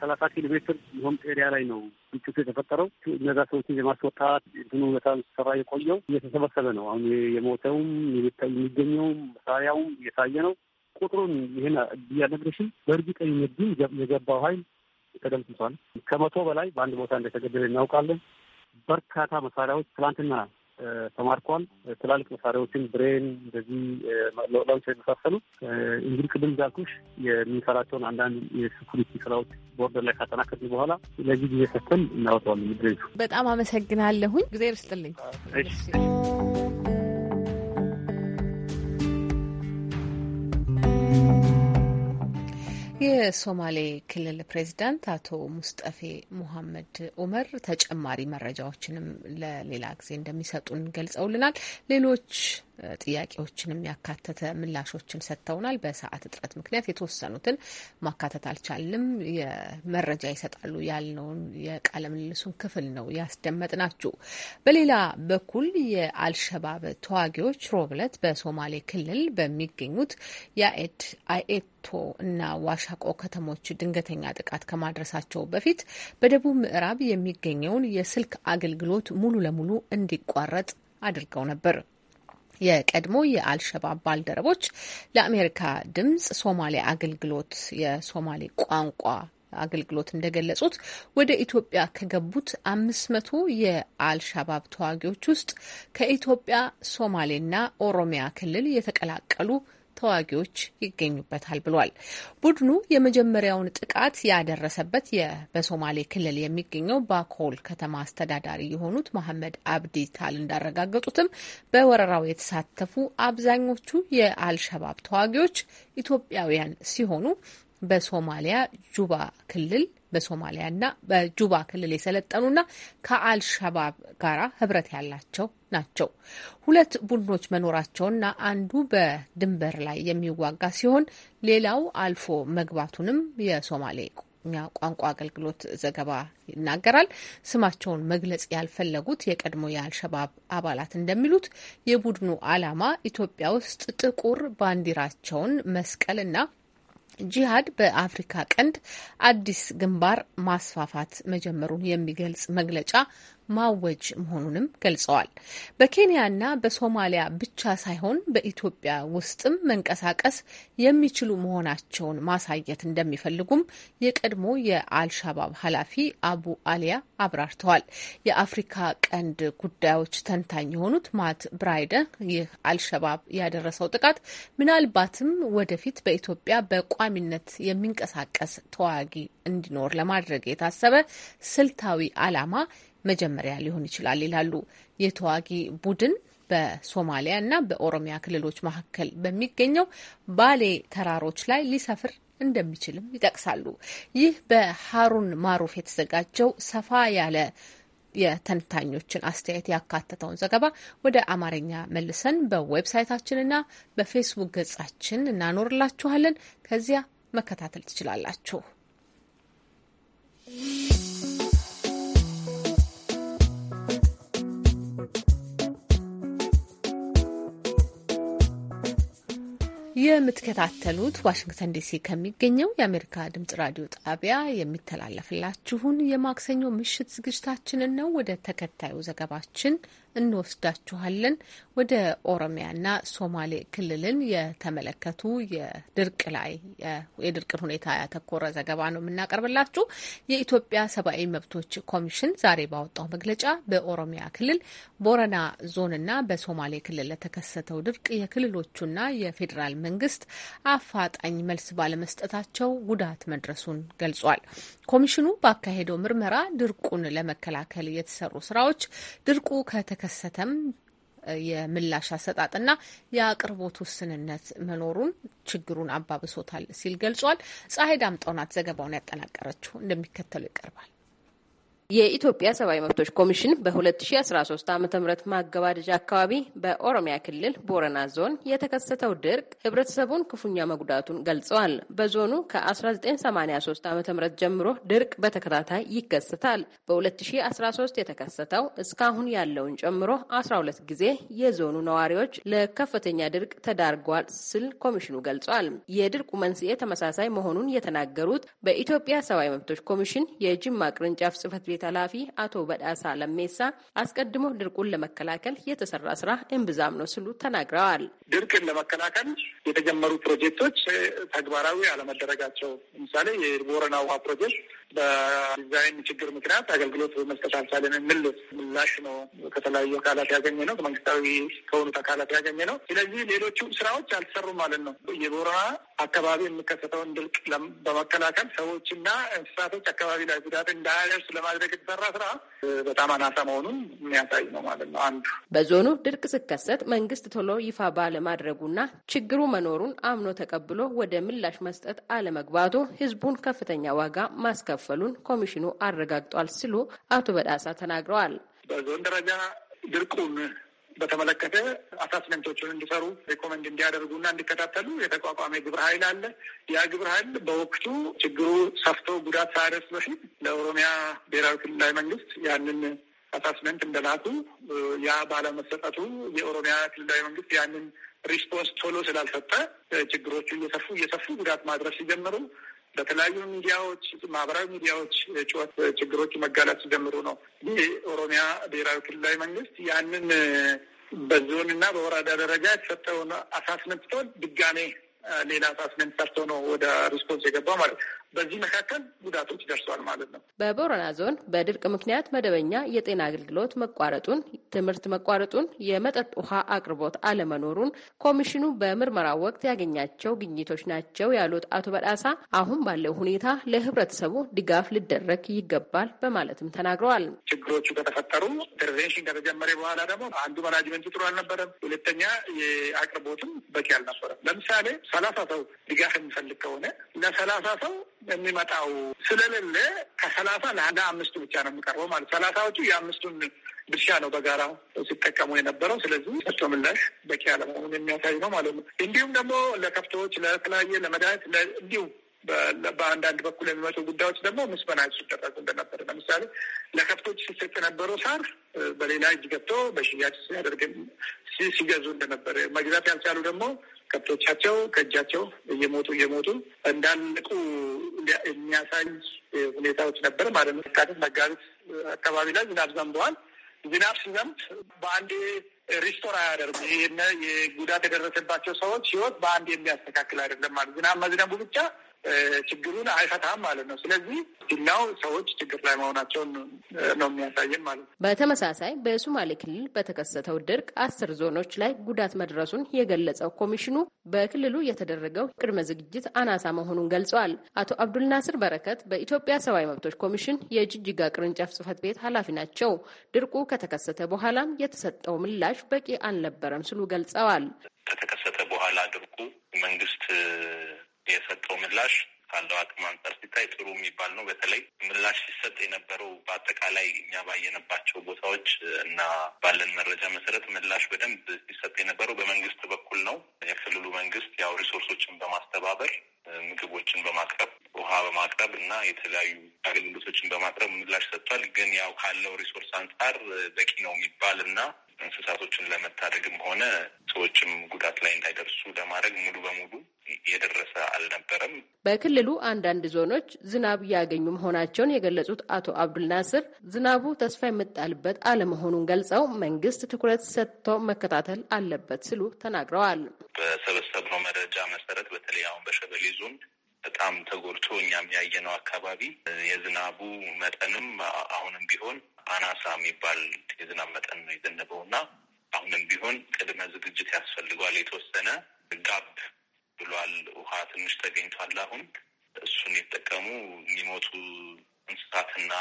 Speaker 2: ሰላሳ ኪሎ ሜትር ሆም ኤሪያ ላይ ነው ግጭቱ የተፈጠረው። እነዛ ሰዎች የማስወጣት እንትኑ በጣም ሰራ የቆየው እየተሰበሰበ ነው። አሁን የሞተውም የሚገኘውም መሳሪያውም እየታየ ነው። ቁጥሩን ይህን እያነግርሽም በእርግጠኝነት ግን የገባው ሀይል ተደምስሷል። ከመቶ በላይ በአንድ ቦታ እንደተገደለ እናውቃለን። በርካታ መሳሪያዎች ትላንትና ተማርኳል። ትላልቅ መሳሪያዎችን ብሬን፣ እንደዚህ ላውንቸር የመሳሰሉ እንግዲህ ቅድም ዛልኩሽ የምንሰራቸውን አንዳንድ የሴኩሪቲ ስራዎች ቦርደር ላይ ካጠናከርን በኋላ ለዚህ ጊዜ ሰተን እናወጣዋለን። ምድሬ
Speaker 1: በጣም አመሰግናለሁኝ። ጊዜ ይርስጥልኝ። የሶማሌ ክልል ፕሬዚዳንት አቶ ሙስጠፌ ሙሐመድ ኡመር ተጨማሪ መረጃዎችንም ለሌላ ጊዜ እንደሚሰጡን ገልጸውልናል። ሌሎች ጥያቄዎችንም ያካተተ ምላሾችን ሰጥተውናል። በሰዓት እጥረት ምክንያት የተወሰኑትን ማካተት አልቻልንም። መረጃ ይሰጣሉ ያልነውን የቃለ ምልልሱን ክፍል ነው ያስደመጥ ናችሁ። በሌላ በኩል የአልሸባብ ተዋጊዎች ሮብለት በሶማሌ ክልል በሚገኙት የአኤድ አኤቶ እና ዋሻቆ ከተሞች ድንገተኛ ጥቃት ከማድረሳቸው በፊት በደቡብ ምዕራብ የሚገኘውን የስልክ አገልግሎት ሙሉ ለሙሉ እንዲቋረጥ አድርገው ነበር። የቀድሞ የአልሸባብ ባልደረቦች ለአሜሪካ ድምጽ ሶማሌ አገልግሎት የሶማሌ ቋንቋ አገልግሎት እንደገለጹት ወደ ኢትዮጵያ ከገቡት አምስት መቶ የአልሻባብ ተዋጊዎች ውስጥ ከኢትዮጵያ ሶማሌና ኦሮሚያ ክልል የተቀላቀሉ ተዋጊዎች ይገኙበታል ብሏል። ቡድኑ የመጀመሪያውን ጥቃት ያደረሰበት በሶማሌ ክልል የሚገኘው ባኮል ከተማ አስተዳዳሪ የሆኑት መሐመድ አብዲ ታል እንዳረጋገጡትም በወረራው የተሳተፉ አብዛኞቹ የአልሸባብ ተዋጊዎች ኢትዮጵያውያን ሲሆኑ በሶማሊያ ጁባ ክልል በሶማሊያና በጁባ ክልል የሰለጠኑና ከአልሸባብ ጋራ ህብረት ያላቸው ናቸው። ሁለት ቡድኖች መኖራቸውና አንዱ በድንበር ላይ የሚዋጋ ሲሆን ሌላው አልፎ መግባቱንም የሶማሌ ቋንቋ አገልግሎት ዘገባ ይናገራል። ስማቸውን መግለጽ ያልፈለጉት የቀድሞ የአልሸባብ አባላት እንደሚሉት የቡድኑ ዓላማ ኢትዮጵያ ውስጥ ጥቁር ባንዲራቸውን መስቀልና ጂሃድ በአፍሪካ ቀንድ አዲስ ግንባር ማስፋፋት መጀመሩን የሚገልጽ መግለጫ ማወጅ መሆኑንም ገልጸዋል። በኬንያና በሶማሊያ ብቻ ሳይሆን በኢትዮጵያ ውስጥም መንቀሳቀስ የሚችሉ መሆናቸውን ማሳየት እንደሚፈልጉም የቀድሞ የአልሻባብ ኃላፊ አቡ አሊያ አብራርተዋል። የአፍሪካ ቀንድ ጉዳዮች ተንታኝ የሆኑት ማት ብራይደ ይህ አልሸባብ ያደረሰው ጥቃት ምናልባትም ወደፊት በኢትዮጵያ በቋሚነት የሚንቀሳቀስ ተዋጊ እንዲኖር ለማድረግ የታሰበ ስልታዊ ዓላማ መጀመሪያ ሊሆን ይችላል ይላሉ። የተዋጊ ቡድን በሶማሊያ እና በኦሮሚያ ክልሎች መካከል በሚገኘው ባሌ ተራሮች ላይ ሊሰፍር እንደሚችልም ይጠቅሳሉ። ይህ በሀሩን ማሩፍ የተዘጋጀው ሰፋ ያለ የተንታኞችን አስተያየት ያካተተውን ዘገባ ወደ አማርኛ መልሰን በዌብሳይታችንና በፌስቡክ ገጻችን እናኖርላችኋለን። ከዚያ መከታተል ትችላላችሁ። የምትከታተሉት ዋሽንግተን ዲሲ ከሚገኘው የአሜሪካ ድምጽ ራዲዮ ጣቢያ የሚተላለፍላችሁን የማክሰኞ ምሽት ዝግጅታችንን ነው። ወደ ተከታዩ ዘገባችን እንወስዳችኋለን። ወደ ኦሮሚያና ሶማሌ ክልልን የተመለከቱ የድርቅ ላይ የድርቅን ሁኔታ ያተኮረ ዘገባ ነው የምናቀርብላችሁ። የኢትዮጵያ ሰብአዊ መብቶች ኮሚሽን ዛሬ ባወጣው መግለጫ በኦሮሚያ ክልል ቦረና ዞንና በሶማሌ ክልል ለተከሰተው ድርቅ የክልሎቹና የፌዴራል መንግስት አፋጣኝ መልስ ባለመስጠታቸው ጉዳት መድረሱን ገልጿል። ኮሚሽኑ ባካሄደው ምርመራ ድርቁን ለመከላከል የተሰሩ ስራዎች ድርቁ ከተ ከተከሰተም የምላሽ አሰጣጥና የአቅርቦት ውስንነት መኖሩን ችግሩን አባብሶታል ሲል ገልጿል። ፀሐይ ዳምጠው ናት ዘገባውን ያጠናቀረችው፣ እንደሚከተለው ይቀርባል። የኢትዮጵያ ሰብአዊ መብቶች ኮሚሽን በ2013 ዓ ም ማገባደጃ
Speaker 7: አካባቢ በኦሮሚያ ክልል ቦረና ዞን የተከሰተው ድርቅ ህብረተሰቡን ክፉኛ መጉዳቱን ገልጸዋል። በዞኑ ከ1983 ዓ ም ጀምሮ ድርቅ በተከታታይ ይከሰታል። በ2013 የተከሰተው እስካሁን ያለውን ጨምሮ 12 ጊዜ የዞኑ ነዋሪዎች ለከፍተኛ ድርቅ ተዳርጓል ስል ኮሚሽኑ ገልጿል። የድርቁ መንስኤ ተመሳሳይ መሆኑን የተናገሩት በኢትዮጵያ ሰብአዊ መብቶች ኮሚሽን የጅማ ቅርንጫፍ ጽህፈት ቤት ቤት ኃላፊ አቶ በዳሳ ለሜሳ አስቀድሞ ድርቁን ለመከላከል የተሰራ ስራ እምብዛም ነው ሲሉ ተናግረዋል።
Speaker 8: ድርቅን ለመከላከል የተጀመሩ ፕሮጀክቶች ተግባራዊ አለመደረጋቸው፣ ለምሳሌ የቦረና ውሃ ፕሮጀክት በዲዛይን ችግር ምክንያት አገልግሎት መስጠት አልቻለን የሚል ምላሽ ነው ከተለያዩ አካላት ያገኘ ነው፣ ከመንግስታዊ ከሆኑት አካላት ያገኘ ነው። ስለዚህ ሌሎቹ ስራዎች አልተሰሩም ማለት ነው። የቦረና አካባቢ የሚከሰተውን ድርቅ በመከላከል ሰዎችና እንስሳቶች አካባቢ ላይ ጉዳት
Speaker 7: እንዳያደርስ ለማድረግ የተሰራ ስራ በጣም አናሳ መሆኑን የሚያሳይ ነው ማለት ነው። አንዱ በዞኑ ድርቅ ሲከሰት መንግስት ቶሎ ይፋ ባለማድረጉና ችግሩ መኖሩን አምኖ ተቀብሎ ወደ ምላሽ መስጠት አለመግባቱ ህዝቡን ከፍተኛ ዋጋ ማስከፍ መከፈሉን ኮሚሽኑ አረጋግጧል ሲሉ አቶ በዳሳ ተናግረዋል።
Speaker 8: በዞን ደረጃ ድርቁን በተመለከተ አሳስመንቶችን እንዲሰሩ ሪኮመንድ እንዲያደርጉና እንዲከታተሉ የተቋቋመ ግብረ ኃይል አለ። ያ ግብረ ኃይል በወቅቱ ችግሩ ሰፍቶ ጉዳት ሳያደርስ በፊት ለኦሮሚያ ብሔራዊ ክልላዊ መንግስት ያንን አሳስመንት እንደላቱ ያ ባለመሰጠቱ የኦሮሚያ ክልላዊ መንግስት ያንን ሪስፖንስ ቶሎ ስላልሰጠ ችግሮቹ እየሰፉ እየሰፉ ጉዳት ማድረስ ሲጀምሩ በተለያዩ ሚዲያዎች፣ ማህበራዊ ሚዲያዎች ጩኸት ችግሮች መጋላት ሲጀምሩ ነው የኦሮሚያ ብሔራዊ ክልላዊ መንግስት ያንን በዞን እና በወረዳ ደረጃ የተሰጠውን አሳስመንት ድጋሜ ሌላ አሳስመንት ሰርቶ ነው ወደ ሪስፖንስ የገባው ማለት ነው። በዚህ መካከል ጉዳቶች ደርሷል ማለት ነው።
Speaker 7: በቦረና ዞን በድርቅ ምክንያት መደበኛ የጤና አገልግሎት መቋረጡን፣ ትምህርት መቋረጡን፣ የመጠጥ ውሃ አቅርቦት አለመኖሩን ኮሚሽኑ በምርመራ ወቅት ያገኛቸው ግኝቶች ናቸው ያሉት አቶ በዳሳ አሁን ባለው ሁኔታ ለህብረተሰቡ ድጋፍ ሊደረግ ይገባል በማለትም ተናግረዋል።
Speaker 8: ችግሮቹ ከተፈጠሩ ኢንተርቬንሽን ከተጀመረ በኋላ ደግሞ አንዱ ማናጅመንቱ ጥሩ አልነበረም፣ ሁለተኛ የአቅርቦትም በቂ አልነበረም። ለምሳሌ ሰላሳ ሰው ድጋፍ የሚፈልግ ከሆነ ለሰላሳ ሰው የሚመጣው ስለሌለ ከሰላሳ ለአምስቱ ብቻ ነው የሚቀርበው ማለት ሰላሳዎቹ የአምስቱን ድርሻ ነው በጋራ ሲጠቀሙ የነበረው። ስለዚህ ሰጥቶ ምላሽ በቂ አለመሆኑን የሚያሳይ ነው ማለት ነው። እንዲሁም ደግሞ ለከብቶች ለተለያየ ለመድኃኒት እንዲሁም በአንዳንድ በኩል የሚመጡ ጉዳዮች ደግሞ ምስመና ሲደረጉ እንደነበረ ለምሳሌ ለከብቶች ሲሰጥ የነበረው ሳር በሌላ እጅ ገብቶ በሽያጭ ሲያደርግ ሲገዙ እንደነበረ መግዛት ያልቻሉ ደግሞ ከብቶቻቸው ከእጃቸው እየሞቱ እየሞቱ እንዳለቁ የሚያሳይ ሁኔታዎች ነበር ማለት ነው። ካት መጋቢት አካባቢ ላይ ዝናብ ዘንበዋል። ዝናብ ሲዘንብ በአንዴ ሪስቶር አያደርጉም። ይህ ጉዳት የደረሰባቸው ሰዎች ህይወት በአንድ የሚያስተካክል አይደለም ማለት ዝናብ መዝነቡ ብቻ ችግሩን አይፈታም ማለት ነው። ስለዚህ ዲናው ሰዎች ችግር ላይ መሆናቸውን ነው የሚያሳየን ማለት ነው።
Speaker 7: በተመሳሳይ በሶማሌ ክልል በተከሰተው ድርቅ አስር ዞኖች ላይ ጉዳት መድረሱን የገለጸው ኮሚሽኑ በክልሉ የተደረገው ቅድመ ዝግጅት አናሳ መሆኑን ገልጸዋል። አቶ አብዱልናስር በረከት በኢትዮጵያ ሰብአዊ መብቶች ኮሚሽን የጅጅጋ ቅርንጫፍ ጽህፈት ቤት ኃላፊ ናቸው። ድርቁ ከተከሰተ በኋላም የተሰጠው ምላሽ በቂ አልነበረም ሲሉ ገልጸዋል። ከተከሰተ በኋላ ድርቁ
Speaker 9: መንግስት የሰጠው ምላሽ ካለው አቅም አንጻር ሲታይ ጥሩ የሚባል ነው። በተለይ ምላሽ ሲሰጥ የነበረው በአጠቃላይ እኛ ባየነባቸው ቦታዎች እና ባለን መረጃ መሰረት ምላሽ በደንብ ሲሰጥ የነበረው በመንግስት በኩል ነው። የክልሉ መንግስት ያው ሪሶርሶችን በማስተባበር ምግቦችን በማቅረብ ውሃ በማቅረብ እና የተለያዩ አገልግሎቶችን በማቅረብ ምላሽ ሰጥቷል። ግን ያው ካለው ሪሶርስ አንጻር በቂ ነው የሚባል እና እንስሳቶችን ለመታደግም ሆነ ሰዎችም ጉዳት ላይ እንዳይደርሱ ለማድረግ ሙሉ በሙሉ የደረሰ አልነበረም።
Speaker 7: በክልሉ አንዳንድ ዞኖች ዝናብ እያገኙ መሆናቸውን የገለጹት አቶ አብዱል ናስር ዝናቡ ተስፋ የምጣልበት አለመሆኑን ገልጸው መንግስት ትኩረት ሰጥቶ መከታተል አለበት ሲሉ ተናግረዋል። በሰበሰብነው
Speaker 9: መረጃ መሰረት በተለይ አሁን በሸበሌ ዞን በጣም ተጎድቶ እኛም ያየነው አካባቢ የዝናቡ መጠንም አሁንም ቢሆን አናሳ የሚባል የዝናብ መጠን ነው የዘነበው እና አሁንም ቢሆን ቅድመ ዝግጅት ያስፈልገዋል። የተወሰነ ጋብ ብሏል፣ ውሃ ትንሽ ተገኝቷል። አሁን እሱን የተጠቀሙ የሚሞቱ እንስሳትና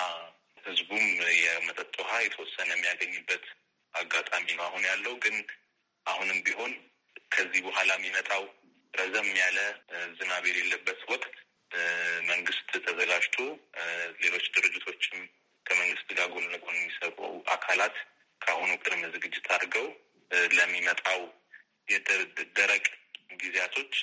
Speaker 9: ህዝቡም የመጠጥ ውሃ የተወሰነ የሚያገኝበት አጋጣሚ ነው አሁን ያለው። ግን አሁንም ቢሆን ከዚህ በኋላ የሚመጣው ረዘም ያለ ዝናብ የሌለበት ወቅት መንግስት ተዘጋጅቶ ሌሎች ድርጅቶችም ከመንግስት ጋር ጎን ለጎን የሚሰሩ አካላት ከአሁኑ ቅድመ ዝግጅት አድርገው ለሚመጣው የደረቅ ጊዜያቶች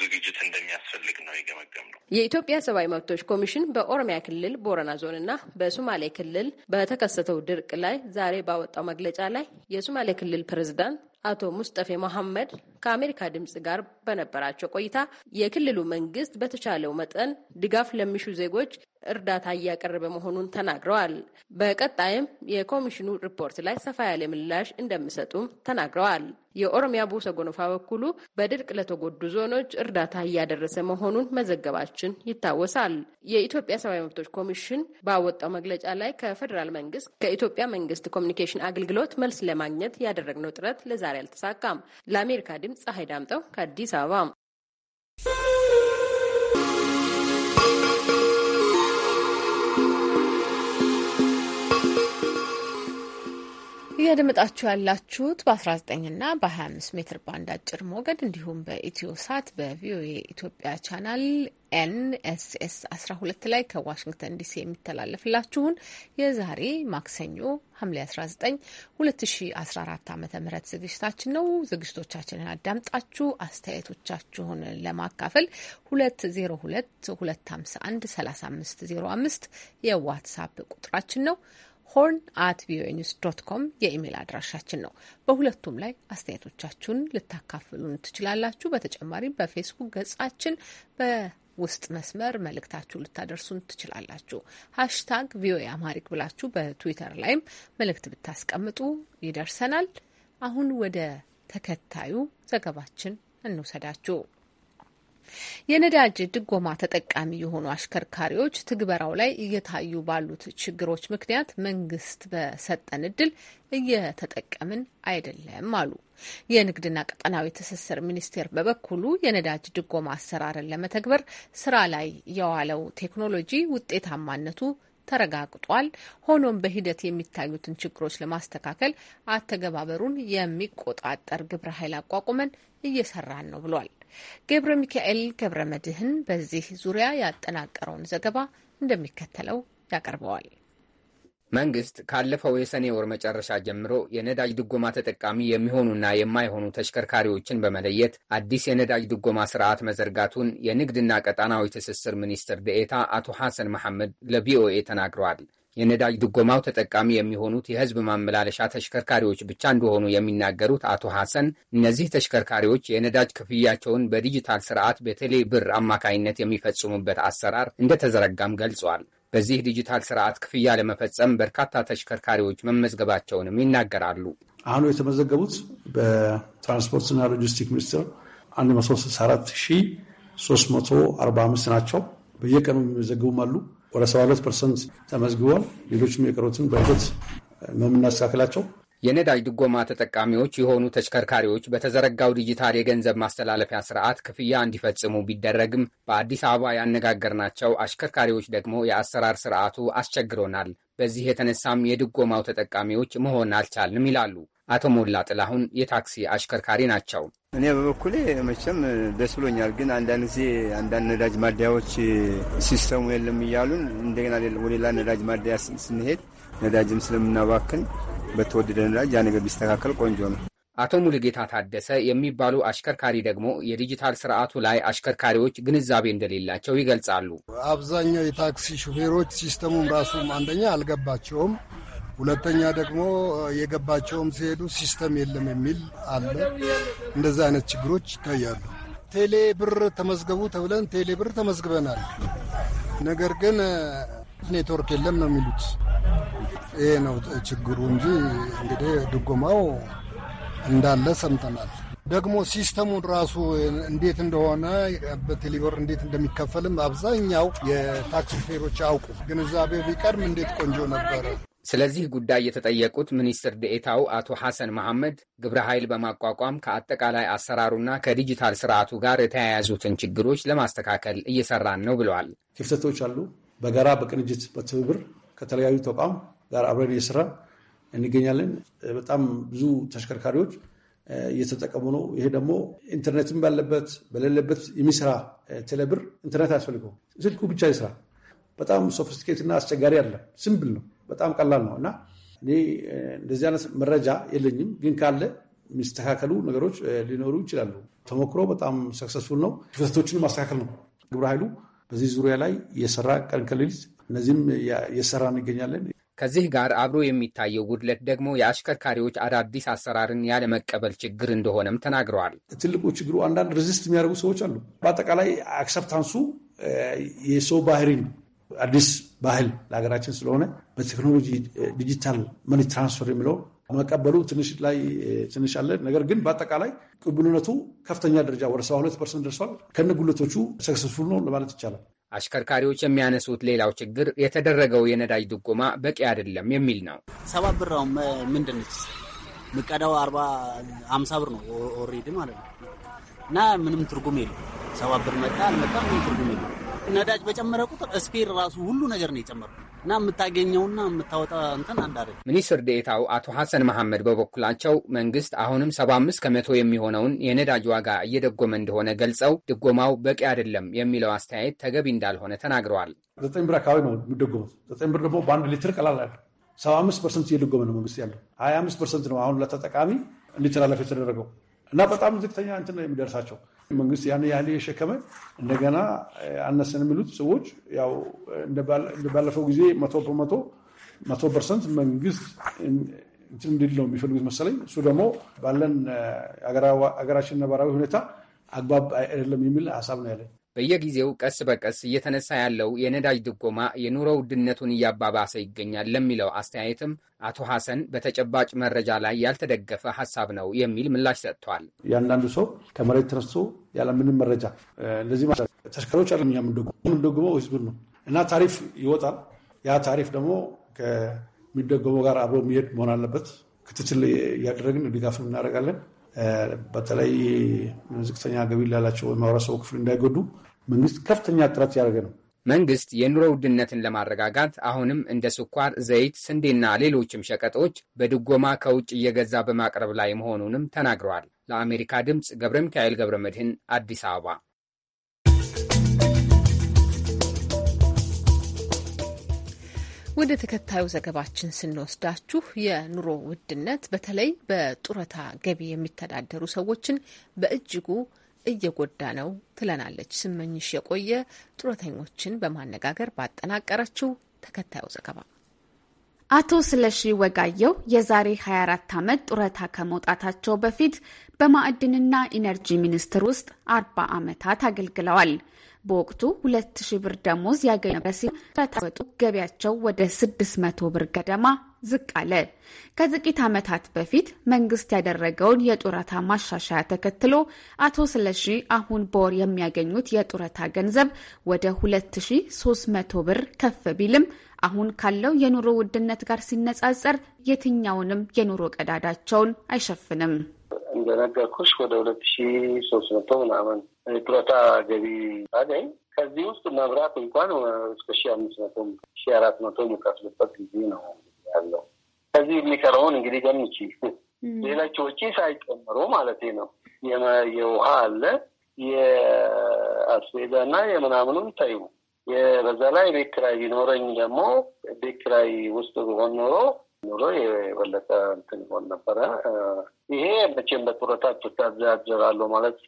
Speaker 9: ዝግጅት እንደሚያስፈልግ
Speaker 7: ነው የገመገም ነው። የኢትዮጵያ ሰብአዊ መብቶች ኮሚሽን በኦሮሚያ ክልል ቦረና ዞን እና በሶማሌ ክልል በተከሰተው ድርቅ ላይ ዛሬ ባወጣው መግለጫ ላይ የሶማሌ ክልል ፕሬዝዳንት አቶ ሙስጠፌ መሐመድ ከአሜሪካ ድምፅ ጋር በነበራቸው ቆይታ የክልሉ መንግስት በተቻለው መጠን ድጋፍ ለሚሹ ዜጎች እርዳታ እያቀረበ መሆኑን ተናግረዋል። በቀጣይም የኮሚሽኑ ሪፖርት ላይ ሰፋ ያለ ምላሽ እንደሚሰጡም ተናግረዋል። የኦሮሚያ ቡሰ ጎኖፋ በኩሉ በድርቅ ለተጎዱ ዞኖች እርዳታ እያደረሰ መሆኑን መዘገባችን ይታወሳል። የኢትዮጵያ ሰብአዊ መብቶች ኮሚሽን ባወጣው መግለጫ ላይ ከፌዴራል መንግስት ከኢትዮጵያ መንግስት ኮሚኒኬሽን አገልግሎት መልስ ለማግኘት ያደረግነው ጥረት ለዛ ዛሬ አልተሳካም። ለአሜሪካ ድምፅ ፀሐይ ዳምጠው ከአዲስ አበባ
Speaker 1: እያደመጣችሁ ያላችሁት በ 19 እና በ25 ሜትር ባንድ አጭር ሞገድ እንዲሁም በኢትዮ ሳት በቪኦኤ ኢትዮጵያ ቻናል ኤንኤስኤስ 12 ላይ ከዋሽንግተን ዲሲ የሚተላለፍላችሁን የዛሬ ማክሰኞ ሐምሌ 19 2014 ዓ ም ዝግጅታችን ነው። ዝግጅቶቻችንን አዳምጣችሁ አስተያየቶቻችሁን ለማካፈል 2022513505 የዋትሳፕ ቁጥራችን ነው። ሆርን አት ቪኦኤ ኒውስ ዶት ኮም የኢሜይል አድራሻችን ነው። በሁለቱም ላይ አስተያየቶቻችሁን ልታካፍሉን ትችላላችሁ። በተጨማሪም በፌስቡክ ገጻችን በውስጥ መስመር መልእክታችሁ ልታደርሱን ትችላላችሁ። ሃሽታግ ቪኦኤ አማሪክ ብላችሁ በትዊተር ላይም መልእክት ብታስቀምጡ ይደርሰናል። አሁን ወደ ተከታዩ ዘገባችን እንውሰዳችሁ። የነዳጅ ድጎማ ተጠቃሚ የሆኑ አሽከርካሪዎች ትግበራው ላይ እየታዩ ባሉት ችግሮች ምክንያት መንግስት በሰጠን እድል እየተጠቀምን አይደለም አሉ። የንግድና ቀጠናዊ ትስስር ሚኒስቴር በበኩሉ የነዳጅ ድጎማ አሰራርን ለመተግበር ስራ ላይ የዋለው ቴክኖሎጂ ውጤታማነቱ ተረጋግጧል። ሆኖም በሂደት የሚታዩትን ችግሮች ለማስተካከል አተገባበሩን የሚቆጣጠር ግብረ ኃይል አቋቁመን እየሰራን ነው ብሏል። ገብረ ሚካኤል ገብረ መድህን በዚህ ዙሪያ ያጠናቀረውን ዘገባ እንደሚከተለው ያቀርበዋል።
Speaker 10: መንግስት ካለፈው የሰኔ ወር መጨረሻ ጀምሮ የነዳጅ ድጎማ ተጠቃሚ የሚሆኑና የማይሆኑ ተሽከርካሪዎችን በመለየት አዲስ የነዳጅ ድጎማ ስርዓት መዘርጋቱን የንግድና ቀጣናዊ ትስስር ሚኒስትር ደኤታ አቶ ሐሰን መሐመድ ለቪኦኤ ተናግረዋል። የነዳጅ ድጎማው ተጠቃሚ የሚሆኑት የህዝብ ማመላለሻ ተሽከርካሪዎች ብቻ እንደሆኑ የሚናገሩት አቶ ሐሰን እነዚህ ተሽከርካሪዎች የነዳጅ ክፍያቸውን በዲጂታል ስርዓት በቴሌ ብር አማካኝነት የሚፈጽሙበት አሰራር እንደተዘረጋም ገልጿል። በዚህ ዲጂታል ስርዓት ክፍያ ለመፈጸም በርካታ ተሽከርካሪዎች መመዝገባቸውንም ይናገራሉ።
Speaker 11: አሁኑ የተመዘገቡት በትራንስፖርትና ሎጂስቲክ ሚኒስቴር 134345 ናቸው። በየቀኑ የሚመዘገቡም አሉ። ወደ 72 ፐርሰንት ተመዝግቦ ሌሎችም የቀሩትን በሂደት ነው የምናስተካክላቸው።
Speaker 10: የነዳጅ ድጎማ ተጠቃሚዎች የሆኑ ተሽከርካሪዎች በተዘረጋው ዲጂታል የገንዘብ ማስተላለፊያ ስርዓት ክፍያ እንዲፈጽሙ ቢደረግም በአዲስ አበባ ያነጋገርናቸው አሽከርካሪዎች ደግሞ የአሰራር ስርዓቱ አስቸግሮናል፣ በዚህ የተነሳም የድጎማው ተጠቃሚዎች መሆን አልቻልንም ይላሉ። አቶ ሞላ ጥላሁን የታክሲ አሽከርካሪ ናቸው።
Speaker 5: እኔ በበኩሌ መቼም ደስ ብሎኛል። ግን አንዳንድ ጊዜ አንዳንድ ነዳጅ ማደያዎች ሲስተሙ የለም እያሉን እንደገና ወሌላ ነዳጅ ማደያ ስንሄድ ነዳጅም ስለምናባክን በተወደደ ነዳጅ ያ ነገር ቢስተካከል ቆንጆ ነው።
Speaker 10: አቶ ሙሉጌታ ታደሰ የሚባሉ አሽከርካሪ ደግሞ የዲጂታል ስርዓቱ ላይ አሽከርካሪዎች ግንዛቤ እንደሌላቸው ይገልጻሉ።
Speaker 8: አብዛኛው የታክሲ ሹፌሮች ሲስተሙን ራሱም አንደኛ አልገባቸውም ሁለተኛ ደግሞ የገባቸውም ሲሄዱ ሲስተም የለም የሚል አለ። እንደዚህ አይነት ችግሮች ይታያሉ። ቴሌ ብር ተመዝገቡ ተብለን ቴሌ ብር ተመዝግበናል። ነገር ግን ኔትወርክ የለም ነው የሚሉት። ይሄ ነው ችግሩ እንጂ እንግዲህ ድጎማው እንዳለ ሰምተናል። ደግሞ ሲስተሙን ራሱ እንዴት እንደሆነ በቴሌብር እንዴት እንደሚከፈልም አብዛኛው የታክሲ ፌሮች አውቁ። ግንዛቤው ቢቀድም እንዴት ቆንጆ ነበረ።
Speaker 10: ስለዚህ ጉዳይ የተጠየቁት ሚኒስትር ደኤታው አቶ ሐሰን መሐመድ ግብረ ኃይል በማቋቋም ከአጠቃላይ አሰራሩና ከዲጂታል ስርዓቱ ጋር የተያያዙትን ችግሮች ለማስተካከል እየሰራን ነው ብለዋል።
Speaker 11: ክፍተቶች አሉ። በጋራ በቅንጅት በትብብር ከተለያዩ ተቋም ጋር አብረን እየሰራ እንገኛለን። በጣም ብዙ ተሽከርካሪዎች እየተጠቀሙ ነው። ይሄ ደግሞ ኢንተርኔትም ባለበት በሌለበት የሚሰራ ቴሌብር ኢንተርኔት አያስፈልገው፣ ስልኩ ብቻ ይስራ። በጣም ሶፊስቲኬትና አስቸጋሪ አይደለም፣ ሲምፕል ነው። በጣም ቀላል ነው እና እኔ እንደዚህ አይነት መረጃ የለኝም፣ ግን ካለ የሚስተካከሉ ነገሮች ሊኖሩ ይችላሉ። ተሞክሮ በጣም ሰክሰስፉል ነው። ክፍተቶችን ማስተካከል
Speaker 10: ነው። ግብረ ኃይሉ በዚህ ዙሪያ ላይ የሰራ
Speaker 11: ቀን ከሌሊት እነዚህም የሰራ
Speaker 10: እንገኛለን። ከዚህ ጋር አብሮ የሚታየው ጉድለት ደግሞ የአሽከርካሪዎች አዳዲስ አሰራርን ያለመቀበል ችግር እንደሆነም ተናግረዋል።
Speaker 11: ትልቁ ችግሩ አንዳንድ ሬዚስት የሚያደርጉ ሰዎች አሉ። በአጠቃላይ አክሰፕታንሱ የሰው ባህሪ ነው። አዲስ ባህል ለሀገራችን ስለሆነ በቴክኖሎጂ ዲጂታል መኒ ትራንስፈር የሚለው መቀበሉ ትንሽ ላይ ትንሽ አለ። ነገር ግን በአጠቃላይ ቅቡልነቱ ከፍተኛ ደረጃ ወደ 72 ፐርሰንት ደርሷል። ከነጉለቶቹ ሰክሰስፉል ነው ለማለት ይቻላል።
Speaker 10: አሽከርካሪዎች የሚያነሱት ሌላው ችግር የተደረገው የነዳጅ ድጎማ በቂ አይደለም የሚል ነው። ሰባ ብር አሁን
Speaker 4: ምንድን ምቀዳው አርባ አምሳ ብር ነው ኦሬዲ ማለት ነው እና ምንም ትርጉም የለም። ሰባ ብር መጣ አልመጣ ምንም ትርጉም የለው ነዳጅ በጨመረ ቁጥር ስፔር ራሱ ሁሉ ነገር ነው የጨመረው እና የምታገኘውና የምታወጣ እንትን አንድ አይደለም።
Speaker 10: ሚኒስትር ዴኤታው አቶ ሐሰን መሐመድ በበኩላቸው መንግስት አሁንም 75 ከመቶ የሚሆነውን የነዳጅ ዋጋ እየደጎመ እንደሆነ ገልጸው ድጎማው በቂ አይደለም የሚለው አስተያየት ተገቢ እንዳልሆነ ተናግረዋል።
Speaker 11: ዘጠኝ ብር አካባቢ ነው የሚደጎመው። ዘጠኝ ብር ደግሞ በአንድ ሊትር ቀላል አለ። 75 ፐርሰንት እየደጎመ ነው መንግስት ያለው። 25 ፐርሰንት ነው አሁን ለተጠቃሚ እንዲተላለፍ የተደረገው እና በጣም ዝቅተኛ እንትን ነው የሚደርሳቸው መንግስት ያን ያህል የሸከመ እንደገና አነሰን የሚሉት ሰዎች ያው ባለፈው ጊዜ መቶ በመቶ መቶ ፐርሰንት መንግስት እንትን እንዲል ነው የሚፈልጉት መሰለኝ። እሱ ደግሞ ባለን ሀገራችን ነባራዊ ሁኔታ አግባብ አይደለም የሚል ሀሳብ ነው ያለኝ።
Speaker 10: በየጊዜው ቀስ በቀስ እየተነሳ ያለው የነዳጅ ድጎማ የኑሮ ውድነቱን እያባባሰ ይገኛል ለሚለው አስተያየትም አቶ ሐሰን በተጨባጭ መረጃ ላይ ያልተደገፈ ሀሳብ ነው የሚል ምላሽ ሰጥቷል።
Speaker 11: እያንዳንዱ ሰው ከመሬት ተነስቶ ያለምንም መረጃ እንደዚህ ተሽከሪዎች አለ የምንደጉመው ነው እና ታሪፍ ይወጣል። ያ ታሪፍ ደግሞ ከሚደጎመው ጋር አብሮ የሚሄድ መሆን አለበት። ክትትል እያደረግን ድጋፍ እናደርጋለን። በተለይ ዝቅተኛ ገቢ ላላቸው የማህበረሰቡ ክፍል እንዳይጎዱ መንግስት
Speaker 10: ከፍተኛ ጥረት ያደረገ ነው። መንግስት የኑሮ ውድነትን ለማረጋጋት አሁንም እንደ ስኳር፣ ዘይት፣ ስንዴና ሌሎችም ሸቀጦች በድጎማ ከውጭ እየገዛ በማቅረብ ላይ መሆኑንም ተናግረዋል። ለአሜሪካ ድምፅ ገብረ ሚካኤል ገብረ መድህን አዲስ አበባ።
Speaker 1: ወደ ተከታዩ ዘገባችን ስንወስዳችሁ የኑሮ ውድነት በተለይ በጡረታ ገቢ የሚተዳደሩ ሰዎችን በእጅጉ እየጎዳ ነው ትለናለች ስመኝሽ የቆየ ጡረተኞችን በማነጋገር ባጠናቀረችው ተከታዩ ዘገባ።
Speaker 12: አቶ ስለሺ ወጋየው የዛሬ 24 ዓመት ጡረታ ከመውጣታቸው በፊት በማዕድንና ኢነርጂ ሚኒስቴር ውስጥ አርባ ዓመታት አገልግለዋል። በወቅቱ ሁለት ሺህ ብር ደሞዝ ያገኙ ነበር ሲሆን ተታወጡ ገቢያቸው ወደ ስድስት መቶ ብር ገደማ ዝቅ አለ። ከጥቂት ዓመታት በፊት መንግስት ያደረገውን የጡረታ ማሻሻያ ተከትሎ አቶ ስለሺ አሁን በወር የሚያገኙት የጡረታ ገንዘብ ወደ 2300 ብር ከፍ ቢልም አሁን ካለው የኑሮ ውድነት ጋር ሲነጻጸር የትኛውንም የኑሮ ቀዳዳቸውን አይሸፍንም።
Speaker 13: እንደነገርኩሽ ወደ ሁለት ሺ ሶስት መቶ ምናምን ጡረታ ገቢ አገኝ። ከዚህ ውስጥ መብራት እንኳን እስከ ሺ አምስት መቶ ሺ አራት መቶ የምከፍልበት ጊዜ ነው ያለው። ከዚህ የሚቀረውን እንግዲህ ገምቺ። ሌሎች ወጪ ሳይጨምሩ ማለት ነው። የውሃ አለ የአስቤዛ እና የምናምኑ ይታዩ። በዛ ላይ ቤት ኪራይ ቢኖረኝ ደግሞ ቤት ኪራይ ውስጥ ሆን ኖሮ ኑሮ የበለጠ እንትን ይሆን ነበረ። ይሄ መቼም በጡረታ ትታዘያጀራለሁ ማለት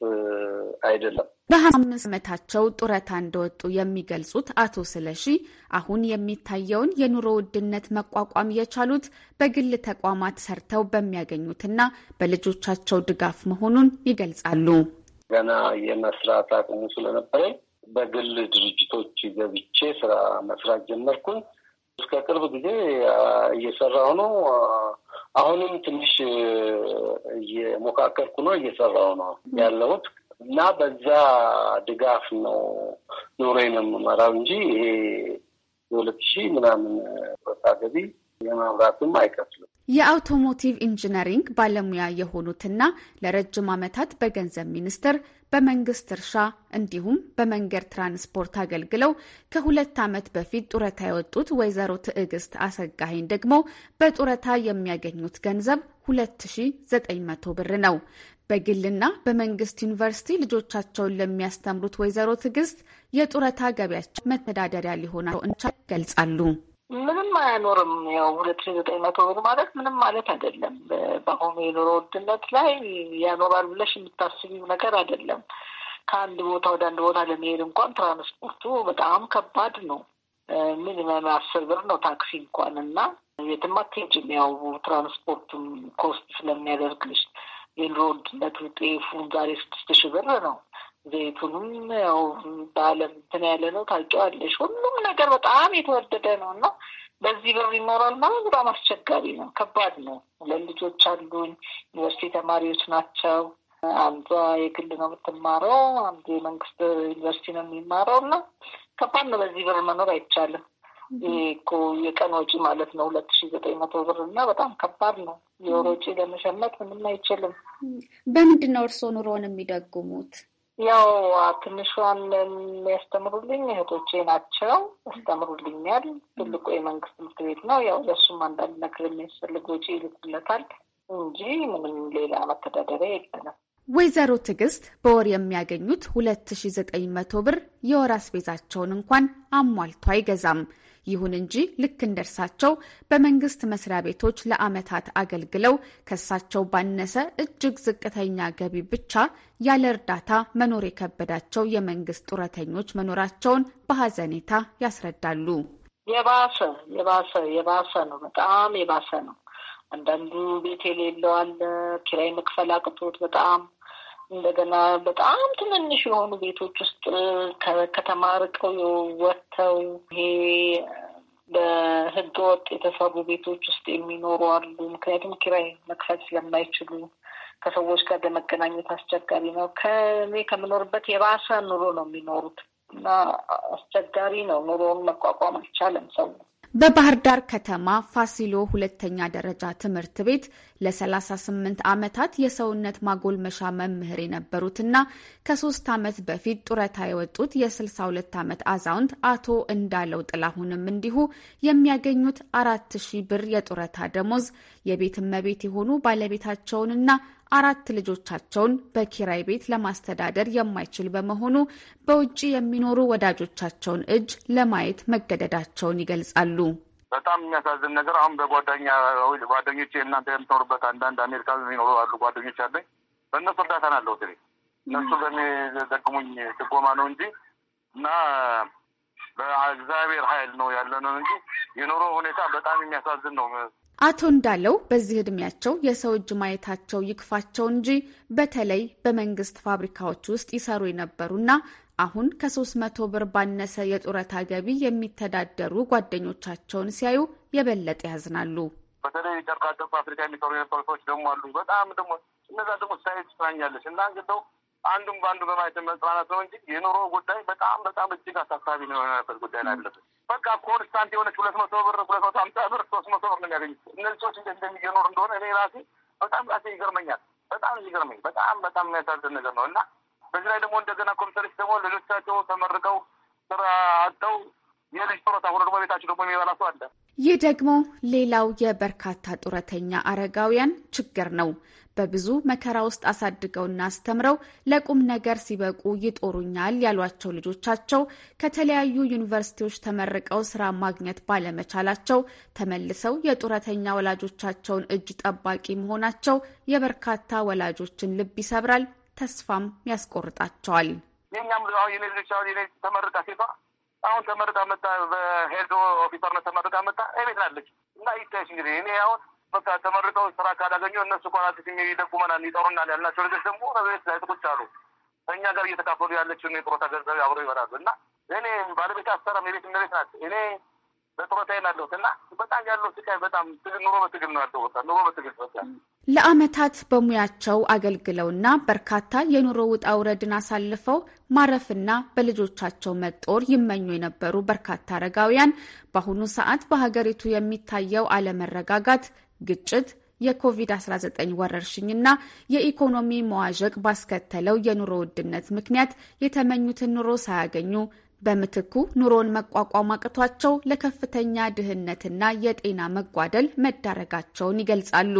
Speaker 13: አይደለም።
Speaker 12: በሀያ አምስት ዓመታቸው ጡረታ እንደወጡ የሚገልጹት አቶ ስለሺ አሁን የሚታየውን የኑሮ ውድነት መቋቋም የቻሉት በግል ተቋማት ሰርተው በሚያገኙትና በልጆቻቸው ድጋፍ መሆኑን ይገልጻሉ።
Speaker 13: ገና የመስራት አቅሙ ስለነበረኝ በግል ድርጅቶች ገብቼ ስራ መስራት ጀመርኩኝ። እስከ ቅርብ ጊዜ እየሰራሁ ነው። አሁንም ትንሽ እየሞካከልኩ ነው፣ እየሰራሁ ነው ያለሁት እና በዛ ድጋፍ ነው ኑሮ የምመራው እንጂ ይሄ የሁለት ሺህ ምናምን ወጣ ገቢ የማብራትም አይከፍልም።
Speaker 12: የአውቶሞቲቭ ኢንጂነሪንግ ባለሙያ የሆኑትና ለረጅም ዓመታት በገንዘብ ሚኒስቴር በመንግስት እርሻ እንዲሁም በመንገድ ትራንስፖርት አገልግለው ከሁለት ዓመት በፊት ጡረታ የወጡት ወይዘሮ ትዕግስት አሰጋሂን ደግሞ በጡረታ የሚያገኙት ገንዘብ 2900 ብር ነው። በግልና በመንግስት ዩኒቨርሲቲ ልጆቻቸውን ለሚያስተምሩት ወይዘሮ ትዕግስት የጡረታ ገቢያቸው መተዳደሪያ ሊሆናቸው እንቻ ገልጻሉ።
Speaker 14: ምንም አያኖርም። ያው ሁለት ሺ ዘጠኝ መቶ ብር ማለት ምንም ማለት አይደለም። በአሁኑ የኑሮ ውድነት ላይ ያኖራል ብለሽ የምታስቢው ነገር አይደለም። ከአንድ ቦታ ወደ አንድ ቦታ ለመሄድ እንኳን ትራንስፖርቱ በጣም ከባድ ነው። ሚኒመም አስር ብር ነው ታክሲ እንኳን እና የትም አትሄጂም። ያው ትራንስፖርቱም ኮስት ስለሚያደርግልሽ የኑሮ ውድነቱ ጤፉን ዛሬ ስድስት ሺ ብር ነው ዘይቱንም ያው በዓለም እንትን ያለ ነው ታውቂዋለሽ። ሁሉም ነገር በጣም የተወደደ ነው እና በዚህ ብር ይኖራል ማለት በጣም አስቸጋሪ ነው፣ ከባድ ነው። ሁለት ልጆች አሉኝ፣ ዩኒቨርሲቲ ተማሪዎች ናቸው። አንዷ የግል ነው የምትማረው፣ አንዱ የመንግስት ዩኒቨርሲቲ ነው የሚማረው እና ከባድ ነው። በዚህ ብር መኖር አይቻልም። እኮ የቀን ወጪ ማለት ነው ሁለት ሺ ዘጠኝ መቶ ብር እና በጣም ከባድ ነው። የወር ወጪ ለመሸመት ምንም አይችልም።
Speaker 12: በምንድን ነው እርስዎ ኑሮውን የሚደጉሙት?
Speaker 14: ያው ትንሿን የሚያስተምሩልኝ እህቶቼ ናቸው። ያስተምሩልኛል። ትልቁ የመንግስት ትምህርት ቤት ነው። ያው ለሱም አንዳንድ ነገር የሚያስፈልግ ወጪ ይልኩለታል እንጂ ምንም ሌላ መተዳደሪያ የለንም።
Speaker 12: ወይዘሮ ትዕግስት በወር የሚያገኙት ሁለት ሺ ዘጠኝ መቶ ብር የወር አስቤዛቸውን እንኳን አሟልቶ አይገዛም። ይሁን እንጂ ልክ እንደርሳቸው በመንግስት መስሪያ ቤቶች ለአመታት አገልግለው ከሳቸው ባነሰ እጅግ ዝቅተኛ ገቢ ብቻ ያለ እርዳታ መኖር የከበዳቸው የመንግስት ጡረተኞች መኖራቸውን በሀዘኔታ ያስረዳሉ።
Speaker 14: የባሰ የባሰ የባሰ ነው። በጣም የባሰ ነው። አንዳንዱ ቤት የሌለው አለ። ኪራይ መክፈል አቅቶት በጣም እንደገና በጣም ትንንሽ የሆኑ ቤቶች ውስጥ ከከተማ ርቀው ወጥተው ይሄ በህገ ወጥ የተሰሩ ቤቶች ውስጥ የሚኖሩ አሉ። ምክንያቱም ኪራይ መክፈል ስለማይችሉ ከሰዎች ጋር ለመገናኘት አስቸጋሪ ነው። ከኔ ከምኖርበት የባሰ ኑሮ ነው የሚኖሩት እና አስቸጋሪ ነው። ኑሮውን መቋቋም አልቻለም ሰው
Speaker 1: በባህር ዳር
Speaker 12: ከተማ ፋሲሎ ሁለተኛ ደረጃ ትምህርት ቤት ለ38 ዓመታት የሰውነት ማጎልመሻ መምህር የነበሩትና ከሶስት ዓመት በፊት ጡረታ የወጡት የ62 ዓመት አዛውንት አቶ እንዳለው ጥላሁንም እንዲሁ የሚያገኙት አራት ብር የጡረታ ደሞዝ የቤት እመቤት የሆኑ ባለቤታቸውንና አራት ልጆቻቸውን በኪራይ ቤት ለማስተዳደር የማይችል በመሆኑ በውጭ የሚኖሩ ወዳጆቻቸውን እጅ ለማየት መገደዳቸውን ይገልጻሉ።
Speaker 15: በጣም የሚያሳዝን ነገር አሁን በጓደኛ ጓደኞች እናንተ የምትኖሩበት አንዳንድ አሜሪካ የሚኖሩ አሉ ጓደኞች አለኝ። በእነሱ እርዳታ ናለው ትሬ እነሱ በሚደግሙኝ ጥጎማ ነው እንጂ እና በእግዚአብሔር ኃይል ነው ያለነው እንጂ የኑሮ ሁኔታ በጣም የሚያሳዝን ነው።
Speaker 12: አቶ እንዳለው በዚህ ዕድሜያቸው የሰው እጅ ማየታቸው ይክፋቸው እንጂ በተለይ በመንግስት ፋብሪካዎች ውስጥ ይሰሩ የነበሩና አሁን ከ300 ብር ባነሰ የጡረታ ገቢ የሚተዳደሩ ጓደኞቻቸውን ሲያዩ የበለጠ ያዝናሉ።
Speaker 15: በተለይ ጨርቃጨርቅ ፋብሪካ የሚሰሩ የነበሩ ሰዎች ደግሞ አሉ። በጣም ደግሞ እነዛ ደግሞ ሳይት ትስራኛለች እና እንግዲያው አንዱም በአንዱ በማየት መጽናናት ነው እንጂ የኑሮ ጉዳይ በጣም በጣም እጅግ አሳሳቢ ነው የሆነበት ጉዳይ ላይ ያለበት በቃ ኮንስታንት የሆነች ሁለት መቶ ብር ሁለት መቶ አምሳ ብር ሶስት መቶ ብር ነው የሚያገኙት። እነዚህ ሰዎች እንዴት እንደሚኖር እንደሆነ እኔ ራሴ በጣም ራሴ ይገርመኛል። በጣም ይገርመኝ በጣም በጣም የሚያሳዝን ነገር ነው እና በዚህ ላይ ደግሞ እንደገና ኮምፒውተሮች ደግሞ ልጆቻቸው ተመርቀው ስራ አጥተው የልጅ ጡረታ ሆኖ ደግሞ ቤታቸው ደግሞ የሚበላ ሰው አለ።
Speaker 12: ይህ ደግሞ ሌላው የበርካታ ጡረተኛ አረጋውያን ችግር ነው። በብዙ መከራ ውስጥ አሳድገውና አስተምረው ለቁም ነገር ሲበቁ ይጦሩኛል ያሏቸው ልጆቻቸው ከተለያዩ ዩኒቨርሲቲዎች ተመርቀው ስራ ማግኘት ባለመቻላቸው ተመልሰው የጡረተኛ ወላጆቻቸውን እጅ ጠባቂ መሆናቸው የበርካታ ወላጆችን ልብ ይሰብራል፣ ተስፋም ያስቆርጣቸዋል።
Speaker 15: የኛም የኔ ልጆች ተመርቃ ሴቷ አሁን ተመርቃ መጣ፣ በሄልዶ ኦፊሰርነት ተመርቃ መጣ ቤት ናለች እና ይታይሽ እንግዲህ እኔ አሁን በቃ ተመርቀው ስራ ካላገኙ እነሱ ኳራት ይደጉመናል ይጠሩናል ያልናቸው ልጆች ደግሞ ከቤት ላይ ትቁጭ አሉ። ከእኛ ጋር እየተካፈሉ ያለችውን የጡረታ ገንዘብ አብረው ይበላሉ እና እኔ ባለቤት አሰራም የቤት እመቤት ናት። እኔ በጡረታ ያለሁት እና በጣም ያለው ስቃይ በጣም ኑሮ በትግል ነው ያለው። ቦታ ኑሮ በትግል በቃ
Speaker 12: ለአመታት በሙያቸው አገልግለውና በርካታ የኑሮ ውጣ ውረድን አሳልፈው ማረፍና በልጆቻቸው መጦር ይመኙ የነበሩ በርካታ አረጋውያን በአሁኑ ሰዓት በሀገሪቱ የሚታየው አለመረጋጋት ግጭት የኮቪድ-19 ወረርሽኝና የኢኮኖሚ መዋዠቅ ባስከተለው የኑሮ ውድነት ምክንያት የተመኙትን ኑሮ ሳያገኙ በምትኩ ኑሮን መቋቋም አቅቷቸው ለከፍተኛ ድህነትና የጤና መጓደል መዳረጋቸውን ይገልጻሉ።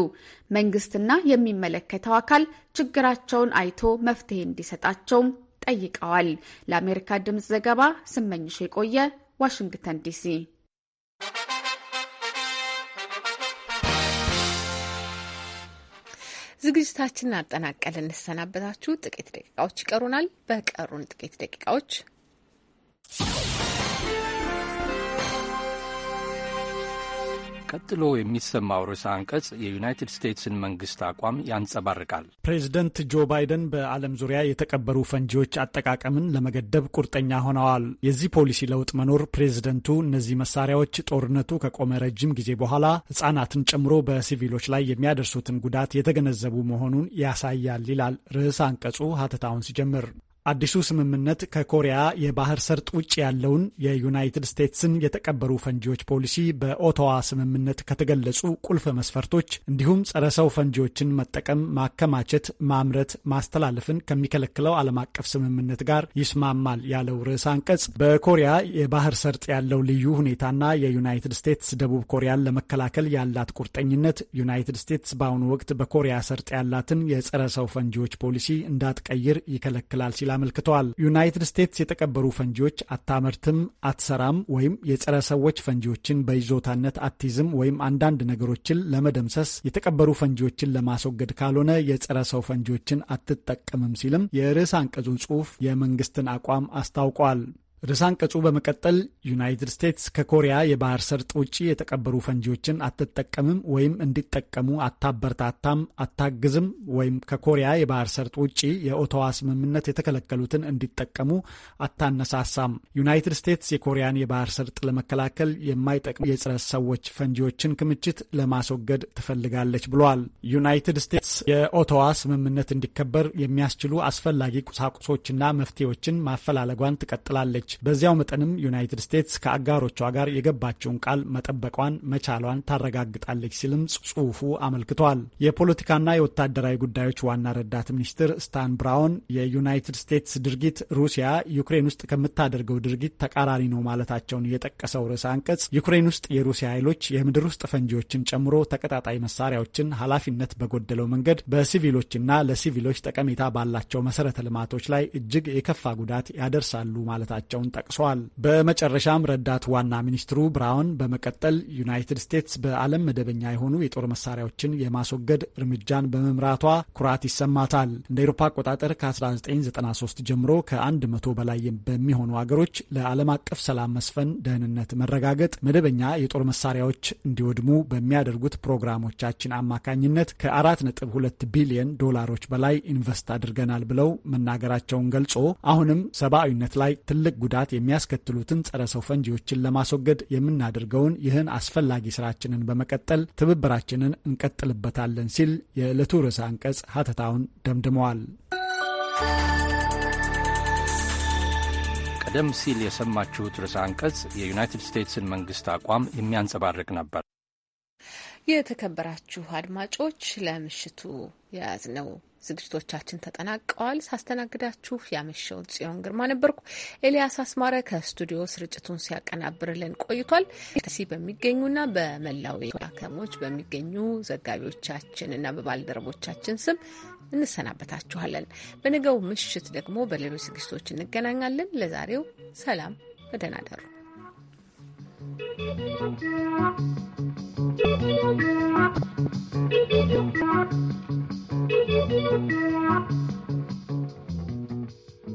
Speaker 12: መንግስትና የሚመለከተው አካል ችግራቸውን አይቶ መፍትሄ እንዲሰጣቸውም ጠይቀዋል። ለአሜሪካ ድምፅ ዘገባ ስመኝሽ የቆየ ዋሽንግተን ዲሲ
Speaker 1: ዝግጅታችንን አጠናቀል እንሰናበታችሁ። ጥቂት ደቂቃዎች ይቀሩናል። በቀሩን ጥቂት ደቂቃዎች
Speaker 8: ቀጥሎ የሚሰማው ርዕሰ አንቀጽ የዩናይትድ ስቴትስን መንግስት አቋም ያንጸባርቃል።
Speaker 6: ፕሬዚደንት ጆ ባይደን በዓለም ዙሪያ የተቀበሩ ፈንጂዎች አጠቃቀምን ለመገደብ ቁርጠኛ ሆነዋል። የዚህ ፖሊሲ ለውጥ መኖር ፕሬዝደንቱ እነዚህ መሳሪያዎች ጦርነቱ ከቆመ ረጅም ጊዜ በኋላ ሕጻናትን ጨምሮ በሲቪሎች ላይ የሚያደርሱትን ጉዳት የተገነዘቡ መሆኑን ያሳያል ይላል ርዕሰ አንቀጹ ሀተታውን ሲጀምር አዲሱ ስምምነት ከኮሪያ የባህር ሰርጥ ውጭ ያለውን የዩናይትድ ስቴትስን የተቀበሩ ፈንጂዎች ፖሊሲ በኦቶዋ ስምምነት ከተገለጹ ቁልፍ መስፈርቶች እንዲሁም ጸረ ሰው ፈንጂዎችን መጠቀም፣ ማከማቸት፣ ማምረት፣ ማስተላለፍን ከሚከለክለው ዓለም አቀፍ ስምምነት ጋር ይስማማል ያለው ርዕሰ አንቀጽ በኮሪያ የባህር ሰርጥ ያለው ልዩ ሁኔታና የዩናይትድ ስቴትስ ደቡብ ኮሪያን ለመከላከል ያላት ቁርጠኝነት ዩናይትድ ስቴትስ በአሁኑ ወቅት በኮሪያ ሰርጥ ያላትን የጸረ ሰው ፈንጂዎች ፖሊሲ እንዳትቀይር ይከለክላል ሲል አመልክተዋል። ዩናይትድ ስቴትስ የተቀበሩ ፈንጂዎች አታመርትም፣ አትሰራም ወይም የጸረ ሰዎች ፈንጂዎችን በይዞታነት አትይዝም ወይም አንዳንድ ነገሮችን ለመደምሰስ የተቀበሩ ፈንጂዎችን ለማስወገድ ካልሆነ የጸረ ሰው ፈንጂዎችን አትጠቀምም ሲልም የርዕስ አንቀጹ ጽሑፍ የመንግስትን አቋም አስታውቋል። ርዕሰ አንቀጹ በመቀጠል ዩናይትድ ስቴትስ ከኮሪያ የባህር ሰርጥ ውጭ የተቀበሩ ፈንጂዎችን አትጠቀምም ወይም እንዲጠቀሙ አታበርታታም አታግዝም ወይም ከኮሪያ የባህር ሰርጥ ውጭ የኦቶዋ ስምምነት የተከለከሉትን እንዲጠቀሙ አታነሳሳም። ዩናይትድ ስቴትስ የኮሪያን የባህር ሰርጥ ለመከላከል የማይጠቅሙ የጸረ ሰዎች ፈንጂዎችን ክምችት ለማስወገድ ትፈልጋለች ብሏል። ዩናይትድ ስቴትስ የኦቶዋ ስምምነት እንዲከበር የሚያስችሉ አስፈላጊ ቁሳቁሶችና መፍትሄዎችን ማፈላለጓን ትቀጥላለች። ሀገሮች በዚያው መጠንም ዩናይትድ ስቴትስ ከአጋሮቿ ጋር የገባቸውን ቃል መጠበቋን መቻሏን ታረጋግጣለች ሲልም ጽሑፉ አመልክቷል። የፖለቲካና የወታደራዊ ጉዳዮች ዋና ረዳት ሚኒስትር ስታን ብራውን የዩናይትድ ስቴትስ ድርጊት ሩሲያ ዩክሬን ውስጥ ከምታደርገው ድርጊት ተቃራኒ ነው ማለታቸውን የጠቀሰው ርዕሰ አንቀጽ ዩክሬን ውስጥ የሩሲያ ኃይሎች የምድር ውስጥ ፈንጂዎችን ጨምሮ ተቀጣጣይ መሳሪያዎችን ኃላፊነት በጎደለው መንገድ በሲቪሎችና ለሲቪሎች ጠቀሜታ ባላቸው መሰረተ ልማቶች ላይ እጅግ የከፋ ጉዳት ያደርሳሉ ማለታቸው መሆናቸውን ጠቅሰዋል። በመጨረሻም ረዳት ዋና ሚኒስትሩ ብራውን በመቀጠል ዩናይትድ ስቴትስ በዓለም መደበኛ የሆኑ የጦር መሳሪያዎችን የማስወገድ እርምጃን በመምራቷ ኩራት ይሰማታል። እንደ ኤሮፓ አቆጣጠር ከ1993 ጀምሮ ከ100 በላይ በሚሆኑ አገሮች ለዓለም አቀፍ ሰላም መስፈን፣ ደህንነት መረጋገጥ መደበኛ የጦር መሳሪያዎች እንዲወድሙ በሚያደርጉት ፕሮግራሞቻችን አማካኝነት ከ4.2 ቢሊዮን ዶላሮች በላይ ኢንቨስት አድርገናል ብለው መናገራቸውን ገልጾ አሁንም ሰብአዊነት ላይ ትልቅ ጉዳት የሚያስከትሉትን ጸረ ሰው ፈንጂዎችን ለማስወገድ የምናደርገውን ይህን አስፈላጊ ስራችንን በመቀጠል ትብብራችንን እንቀጥልበታለን ሲል የዕለቱ ርዕሰ አንቀጽ ሀተታውን ደምድመዋል።
Speaker 8: ቀደም ሲል የሰማችሁት ርዕሰ አንቀጽ የዩናይትድ ስቴትስን መንግስት አቋም የሚያንጸባርቅ ነበር።
Speaker 1: የተከበራችሁ አድማጮች ለምሽቱ የያዝነው ዝግጅቶቻችን ተጠናቀዋል። ሳስተናግዳችሁ ያመሸው ጽዮን ግርማ ነበርኩ። ኤልያስ አስማረ ከስቱዲዮ ስርጭቱን ሲያቀናብርልን ቆይቷል። ሲ በሚገኙና በመላው ከተሞች በሚገኙ ዘጋቢዎቻችን እና በባልደረቦቻችን ስም እንሰናበታችኋለን። በነገው ምሽት ደግሞ በሌሎች ዝግጅቶች እንገናኛለን። ለዛሬው ሰላም፣ በደህና ደሩ። Thank
Speaker 4: you.